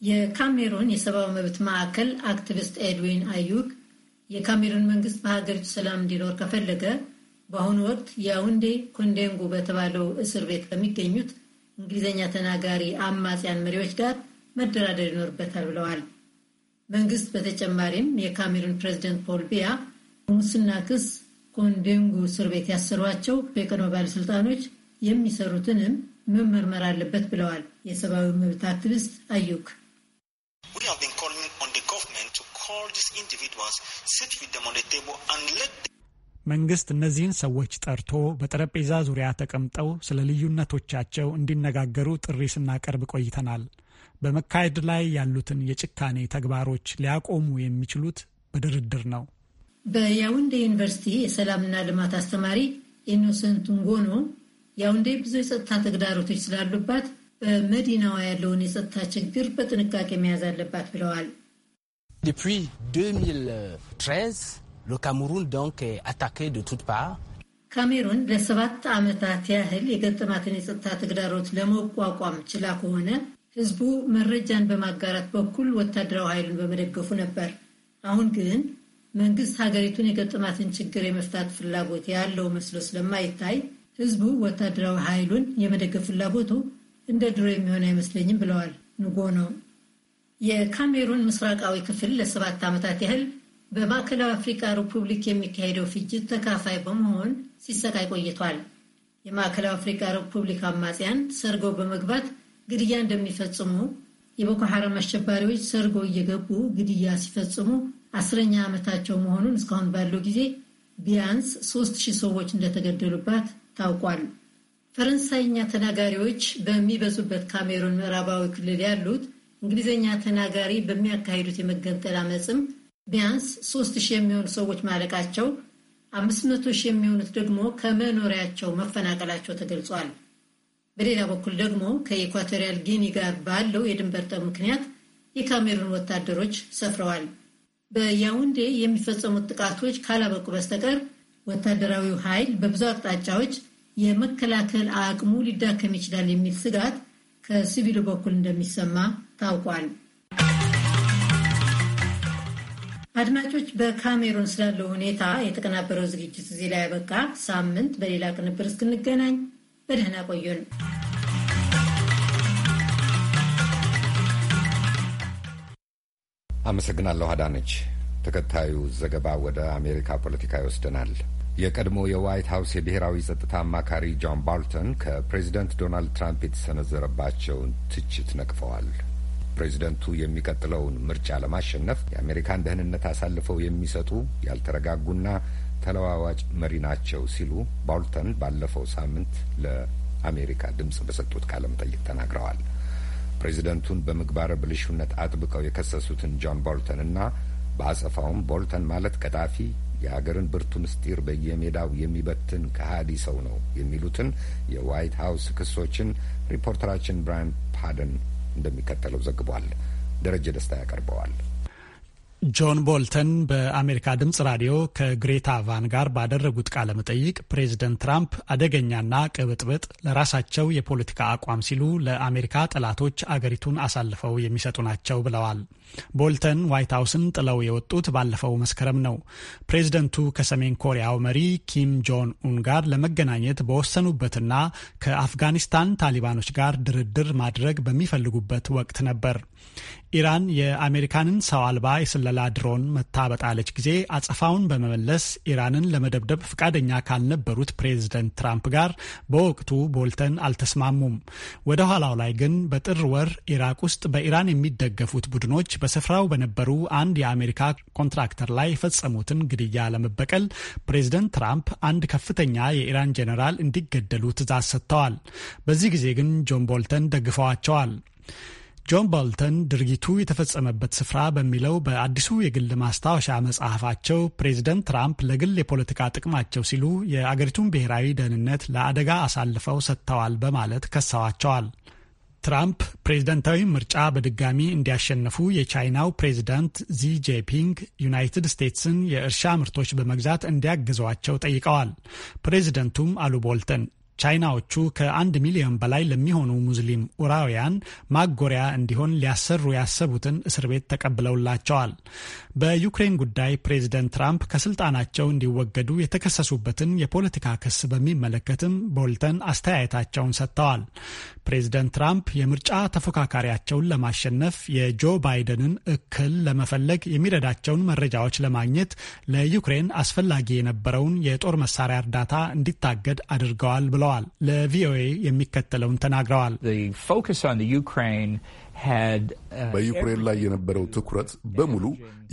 የካሜሩን የሰብአዊ መብት ማዕከል አክቲቪስት ኤድዊን አዩክ የካሜሩን መንግስት በሀገሪቱ ሰላም እንዲኖር ከፈለገ በአሁኑ ወቅት ያውንዴ ኮንዴንጎ በተባለው እስር ቤት ከሚገኙት እንግሊዝኛ ተናጋሪ አማጽያን መሪዎች ጋር መደራደር ይኖርበታል ብለዋል። መንግስት በተጨማሪም የካሜሩን ፕሬዚደንት ፖል ቢያ ሙስና ክስ ኮንዴንጉ እስር ቤት ያሰሯቸው የቀድሞ ባለስልጣኖች የሚሰሩትንም መመርመር አለበት ብለዋል። የሰብአዊ መብት አክቲቪስት አዩክ መንግስት እነዚህን ሰዎች ጠርቶ በጠረጴዛ ዙሪያ ተቀምጠው ስለ ልዩነቶቻቸው እንዲነጋገሩ ጥሪ ስናቀርብ ቆይተናል። በመካሄድ ላይ ያሉትን የጭካኔ ተግባሮች ሊያቆሙ የሚችሉት በድርድር ነው። በያውንዴ ዩኒቨርሲቲ የሰላምና ልማት አስተማሪ ኢኖሰንት ንጎኖ ያውንዴ ብዙ የጸጥታ ተግዳሮቶች ስላሉባት በመዲናዋ ያለውን የጸጥታ ችግር በጥንቃቄ መያዝ አለባት ብለዋል። depuis 2013 le Cameroun donc est attaqué de toutes parts ካሜሩን ለሰባት ዓመታት ያህል የገጠማትን የጸጥታ ተግዳሮት ለመቋቋም ችላ ከሆነ ህዝቡ መረጃን በማጋራት በኩል ወታደራዊ ኃይሉን በመደገፉ ነበር። አሁን ግን መንግስት ሀገሪቱን የገጠማትን ችግር የመፍታት ፍላጎት ያለው መስሎ ስለማይታይ ህዝቡ ወታደራዊ ኃይሉን የመደገፍ ፍላጎቱ እንደ ድሮ የሚሆን አይመስለኝም ብለዋል ንጎ ነው። የካሜሩን ምስራቃዊ ክፍል ለሰባት ዓመታት ያህል በማዕከላዊ አፍሪካ ሪፑብሊክ የሚካሄደው ፍጅት ተካፋይ በመሆን ሲሰቃይ ቆይቷል። የማዕከላዊ አፍሪካ ሪፑብሊክ አማጽያን ሰርገው በመግባት ግድያ እንደሚፈጽሙ የቦኮ ሐራም አሸባሪዎች ሰርጎ እየገቡ ግድያ ሲፈጽሙ አስረኛ ዓመታቸው መሆኑን እስካሁን ባለው ጊዜ ቢያንስ ሶስት ሺህ ሰዎች እንደተገደሉባት ታውቋል። ፈረንሳይኛ ተናጋሪዎች በሚበዙበት ካሜሩን ምዕራባዊ ክልል ያሉት እንግሊዝኛ ተናጋሪ በሚያካሂዱት የመገንጠል አመፅም ቢያንስ ሶስት ሺህ የሚሆኑ ሰዎች ማለቃቸው፣ አምስት መቶ ሺህ የሚሆኑት ደግሞ ከመኖሪያቸው መፈናቀላቸው ተገልጿል። በሌላ በኩል ደግሞ ከኢኳቶሪያል ጊኒ ጋር ባለው የድንበር ጠብ ምክንያት የካሜሩን ወታደሮች ሰፍረዋል። በያውንዴ የሚፈጸሙት ጥቃቶች ካላበቁ በስተቀር ወታደራዊው ኃይል በብዙ አቅጣጫዎች የመከላከል አቅሙ ሊዳከም ይችላል የሚል ስጋት ከሲቪሉ በኩል እንደሚሰማ ታውቋል። አድማጮች፣ በካሜሩን ስላለው ሁኔታ የተቀናበረው ዝግጅት እዚህ ላይ ያበቃ። ሳምንት በሌላ ቅንብር እስክንገናኝ በደህና ቆዩን። አመሰግናለሁ አዳነች። ተከታዩ ዘገባ ወደ አሜሪካ ፖለቲካ ይወስደናል። የቀድሞ የዋይት ሀውስ የብሔራዊ ጸጥታ አማካሪ ጆን ባልተን ከፕሬዚደንት ዶናልድ ትራምፕ የተሰነዘረባቸውን ትችት ነቅፈዋል። ፕሬዚደንቱ የሚቀጥለውን ምርጫ ለማሸነፍ የአሜሪካን ደህንነት አሳልፈው የሚሰጡ ያልተረጋጉና ተለዋዋጭ መሪ ናቸው ሲሉ ቦልተን ባለፈው ሳምንት ለአሜሪካ ድምጽ በሰጡት ቃለ መጠይቅ ተናግረዋል። ፕሬዚደንቱን በምግባረ ብልሹነት አጥብቀው የከሰሱትን ጆን ቦልተን እና በአጸፋውም ቦልተን ማለት ቀጣፊ፣ የሀገርን ብርቱ ምስጢር በየሜዳው የሚበትን ከሃዲ ሰው ነው የሚሉትን የዋይት ሀውስ ክሶችን ሪፖርተራችን ብራያን ፓደን እንደሚከተለው ዘግቧል። ደረጀ ደስታ ያቀርበዋል። ጆን ቦልተን በአሜሪካ ድምፅ ራዲዮ ከግሬታ ቫን ጋር ባደረጉት ቃለ መጠይቅ ፕሬዝደንት ትራምፕ አደገኛና ቅብጥብጥ ለራሳቸው የፖለቲካ አቋም ሲሉ ለአሜሪካ ጠላቶች አገሪቱን አሳልፈው የሚሰጡ ናቸው ብለዋል። ቦልተን ዋይት ሀውስን ጥለው የወጡት ባለፈው መስከረም ነው። ፕሬዚደንቱ ከሰሜን ኮሪያው መሪ ኪም ጆን ኡን ጋር ለመገናኘት በወሰኑበትና ከአፍጋኒስታን ታሊባኖች ጋር ድርድር ማድረግ በሚፈልጉበት ወቅት ነበር። ኢራን የአሜሪካንን ሰው አልባ የስለላ ድሮን መታ በጣለች ጊዜ አጸፋውን በመመለስ ኢራንን ለመደብደብ ፈቃደኛ ካልነበሩት ፕሬዝደንት ትራምፕ ጋር በወቅቱ ቦልተን አልተስማሙም። ወደ ኋላው ላይ ግን በጥር ወር ኢራቅ ውስጥ በኢራን የሚደገፉት ቡድኖች በስፍራው በነበሩ አንድ የአሜሪካ ኮንትራክተር ላይ የፈጸሙትን ግድያ ለመበቀል ፕሬዝደንት ትራምፕ አንድ ከፍተኛ የኢራን ጄኔራል እንዲገደሉ ትዛዝ ሰጥተዋል። በዚህ ጊዜ ግን ጆን ቦልተን ደግፈዋቸዋል። ጆን ቦልተን ድርጊቱ የተፈጸመበት ስፍራ በሚለው በአዲሱ የግል ማስታወሻ መጽሐፋቸው ፕሬዚደንት ትራምፕ ለግል የፖለቲካ ጥቅማቸው ሲሉ የአገሪቱን ብሔራዊ ደህንነት ለአደጋ አሳልፈው ሰጥተዋል በማለት ከሰዋቸዋል። ትራምፕ ፕሬዝደንታዊ ምርጫ በድጋሚ እንዲያሸነፉ የቻይናው ፕሬዝደንት ዚ ጄፒንግ ዩናይትድ ስቴትስን የእርሻ ምርቶች በመግዛት እንዲያግዟቸው ጠይቀዋል። ፕሬዝደንቱም አሉ ቦልተን ቻይናዎቹ ከአንድ ሚሊዮን በላይ ለሚሆኑ ሙስሊም ኡራውያን ማጎሪያ እንዲሆን ሊያሰሩ ያሰቡትን እስር ቤት ተቀብለውላቸዋል። በዩክሬን ጉዳይ ፕሬዝደንት ትራምፕ ከስልጣናቸው እንዲወገዱ የተከሰሱበትን የፖለቲካ ክስ በሚመለከትም ቦልተን አስተያየታቸውን ሰጥተዋል። ፕሬዝደንት ትራምፕ የምርጫ ተፎካካሪያቸውን ለማሸነፍ የጆ ባይደንን እክል ለመፈለግ የሚረዳቸውን መረጃዎች ለማግኘት ለዩክሬን አስፈላጊ የነበረውን የጦር መሳሪያ እርዳታ እንዲታገድ አድርገዋል ብለዋል። ለቪኦኤ የሚከተለውን ተናግረዋል። Uh, በዩክሬን ላይ የነበረው ትኩረት በሙሉ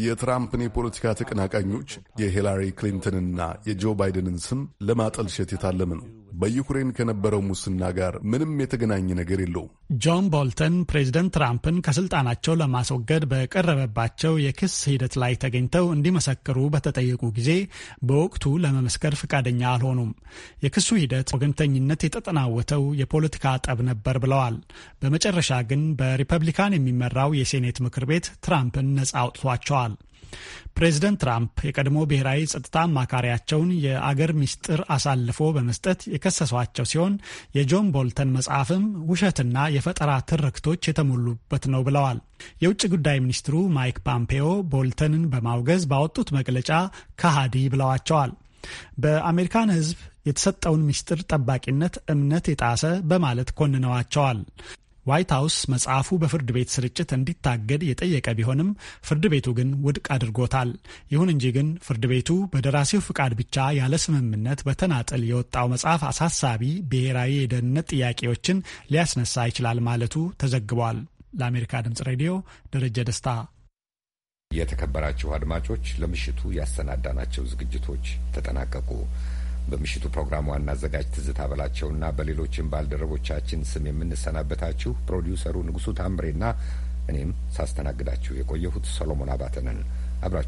የትራምፕን የፖለቲካ ተቀናቃኞች የሂላሪ ክሊንተንና የጆ ባይደንን ስም ለማጠልሸት የታለመ ነው። በዩክሬን ከነበረው ሙስና ጋር ምንም የተገናኘ ነገር የለውም። ጆን ቦልተን ፕሬዚደንት ትራምፕን ከስልጣናቸው ለማስወገድ በቀረበባቸው የክስ ሂደት ላይ ተገኝተው እንዲመሰክሩ በተጠየቁ ጊዜ በወቅቱ ለመመስከር ፈቃደኛ አልሆኑም። የክሱ ሂደት ወገንተኝነት የተጠናወተው የፖለቲካ ጠብ ነበር ብለዋል። በመጨረሻ ግን በሪፐ በሪፐብሊካን የሚመራው የሴኔት ምክር ቤት ትራምፕን ነጻ አውጥቷቸዋል። ፕሬዝደንት ትራምፕ የቀድሞ ብሔራዊ ጸጥታ አማካሪያቸውን የአገር ሚስጥር አሳልፎ በመስጠት የከሰሷቸው ሲሆን የጆን ቦልተን መጽሐፍም ውሸትና የፈጠራ ትርክቶች የተሞሉበት ነው ብለዋል። የውጭ ጉዳይ ሚኒስትሩ ማይክ ፖምፔዮ ቦልተንን በማውገዝ ባወጡት መግለጫ ከሃዲ ብለዋቸዋል። በአሜሪካን ሕዝብ የተሰጠውን ሚስጥር ጠባቂነት እምነት የጣሰ በማለት ኮንነዋቸዋል። ዋይት ሀውስ መጽሐፉ በፍርድ ቤት ስርጭት እንዲታገድ የጠየቀ ቢሆንም ፍርድ ቤቱ ግን ውድቅ አድርጎታል። ይሁን እንጂ ግን ፍርድ ቤቱ በደራሲው ፍቃድ ብቻ ያለ ስምምነት በተናጠል የወጣው መጽሐፍ አሳሳቢ ብሔራዊ የደህንነት ጥያቄዎችን ሊያስነሳ ይችላል ማለቱ ተዘግቧል። ለአሜሪካ ድምጽ ሬዲዮ ደረጀ ደስታ። የተከበራችሁ አድማጮች ለምሽቱ ያሰናዳናቸው ዝግጅቶች ተጠናቀቁ። በምሽቱ ፕሮግራም ዋና አዘጋጅ ትዝታ በላቸውና በሌሎችም ባልደረቦቻችን ስም የምንሰናበታችሁ ፕሮዲውሰሩ ንጉሱ ታምሬና እኔም ሳስተናግዳችሁ የቆየሁት ሰሎሞን አባተ ነን። አብራችሁ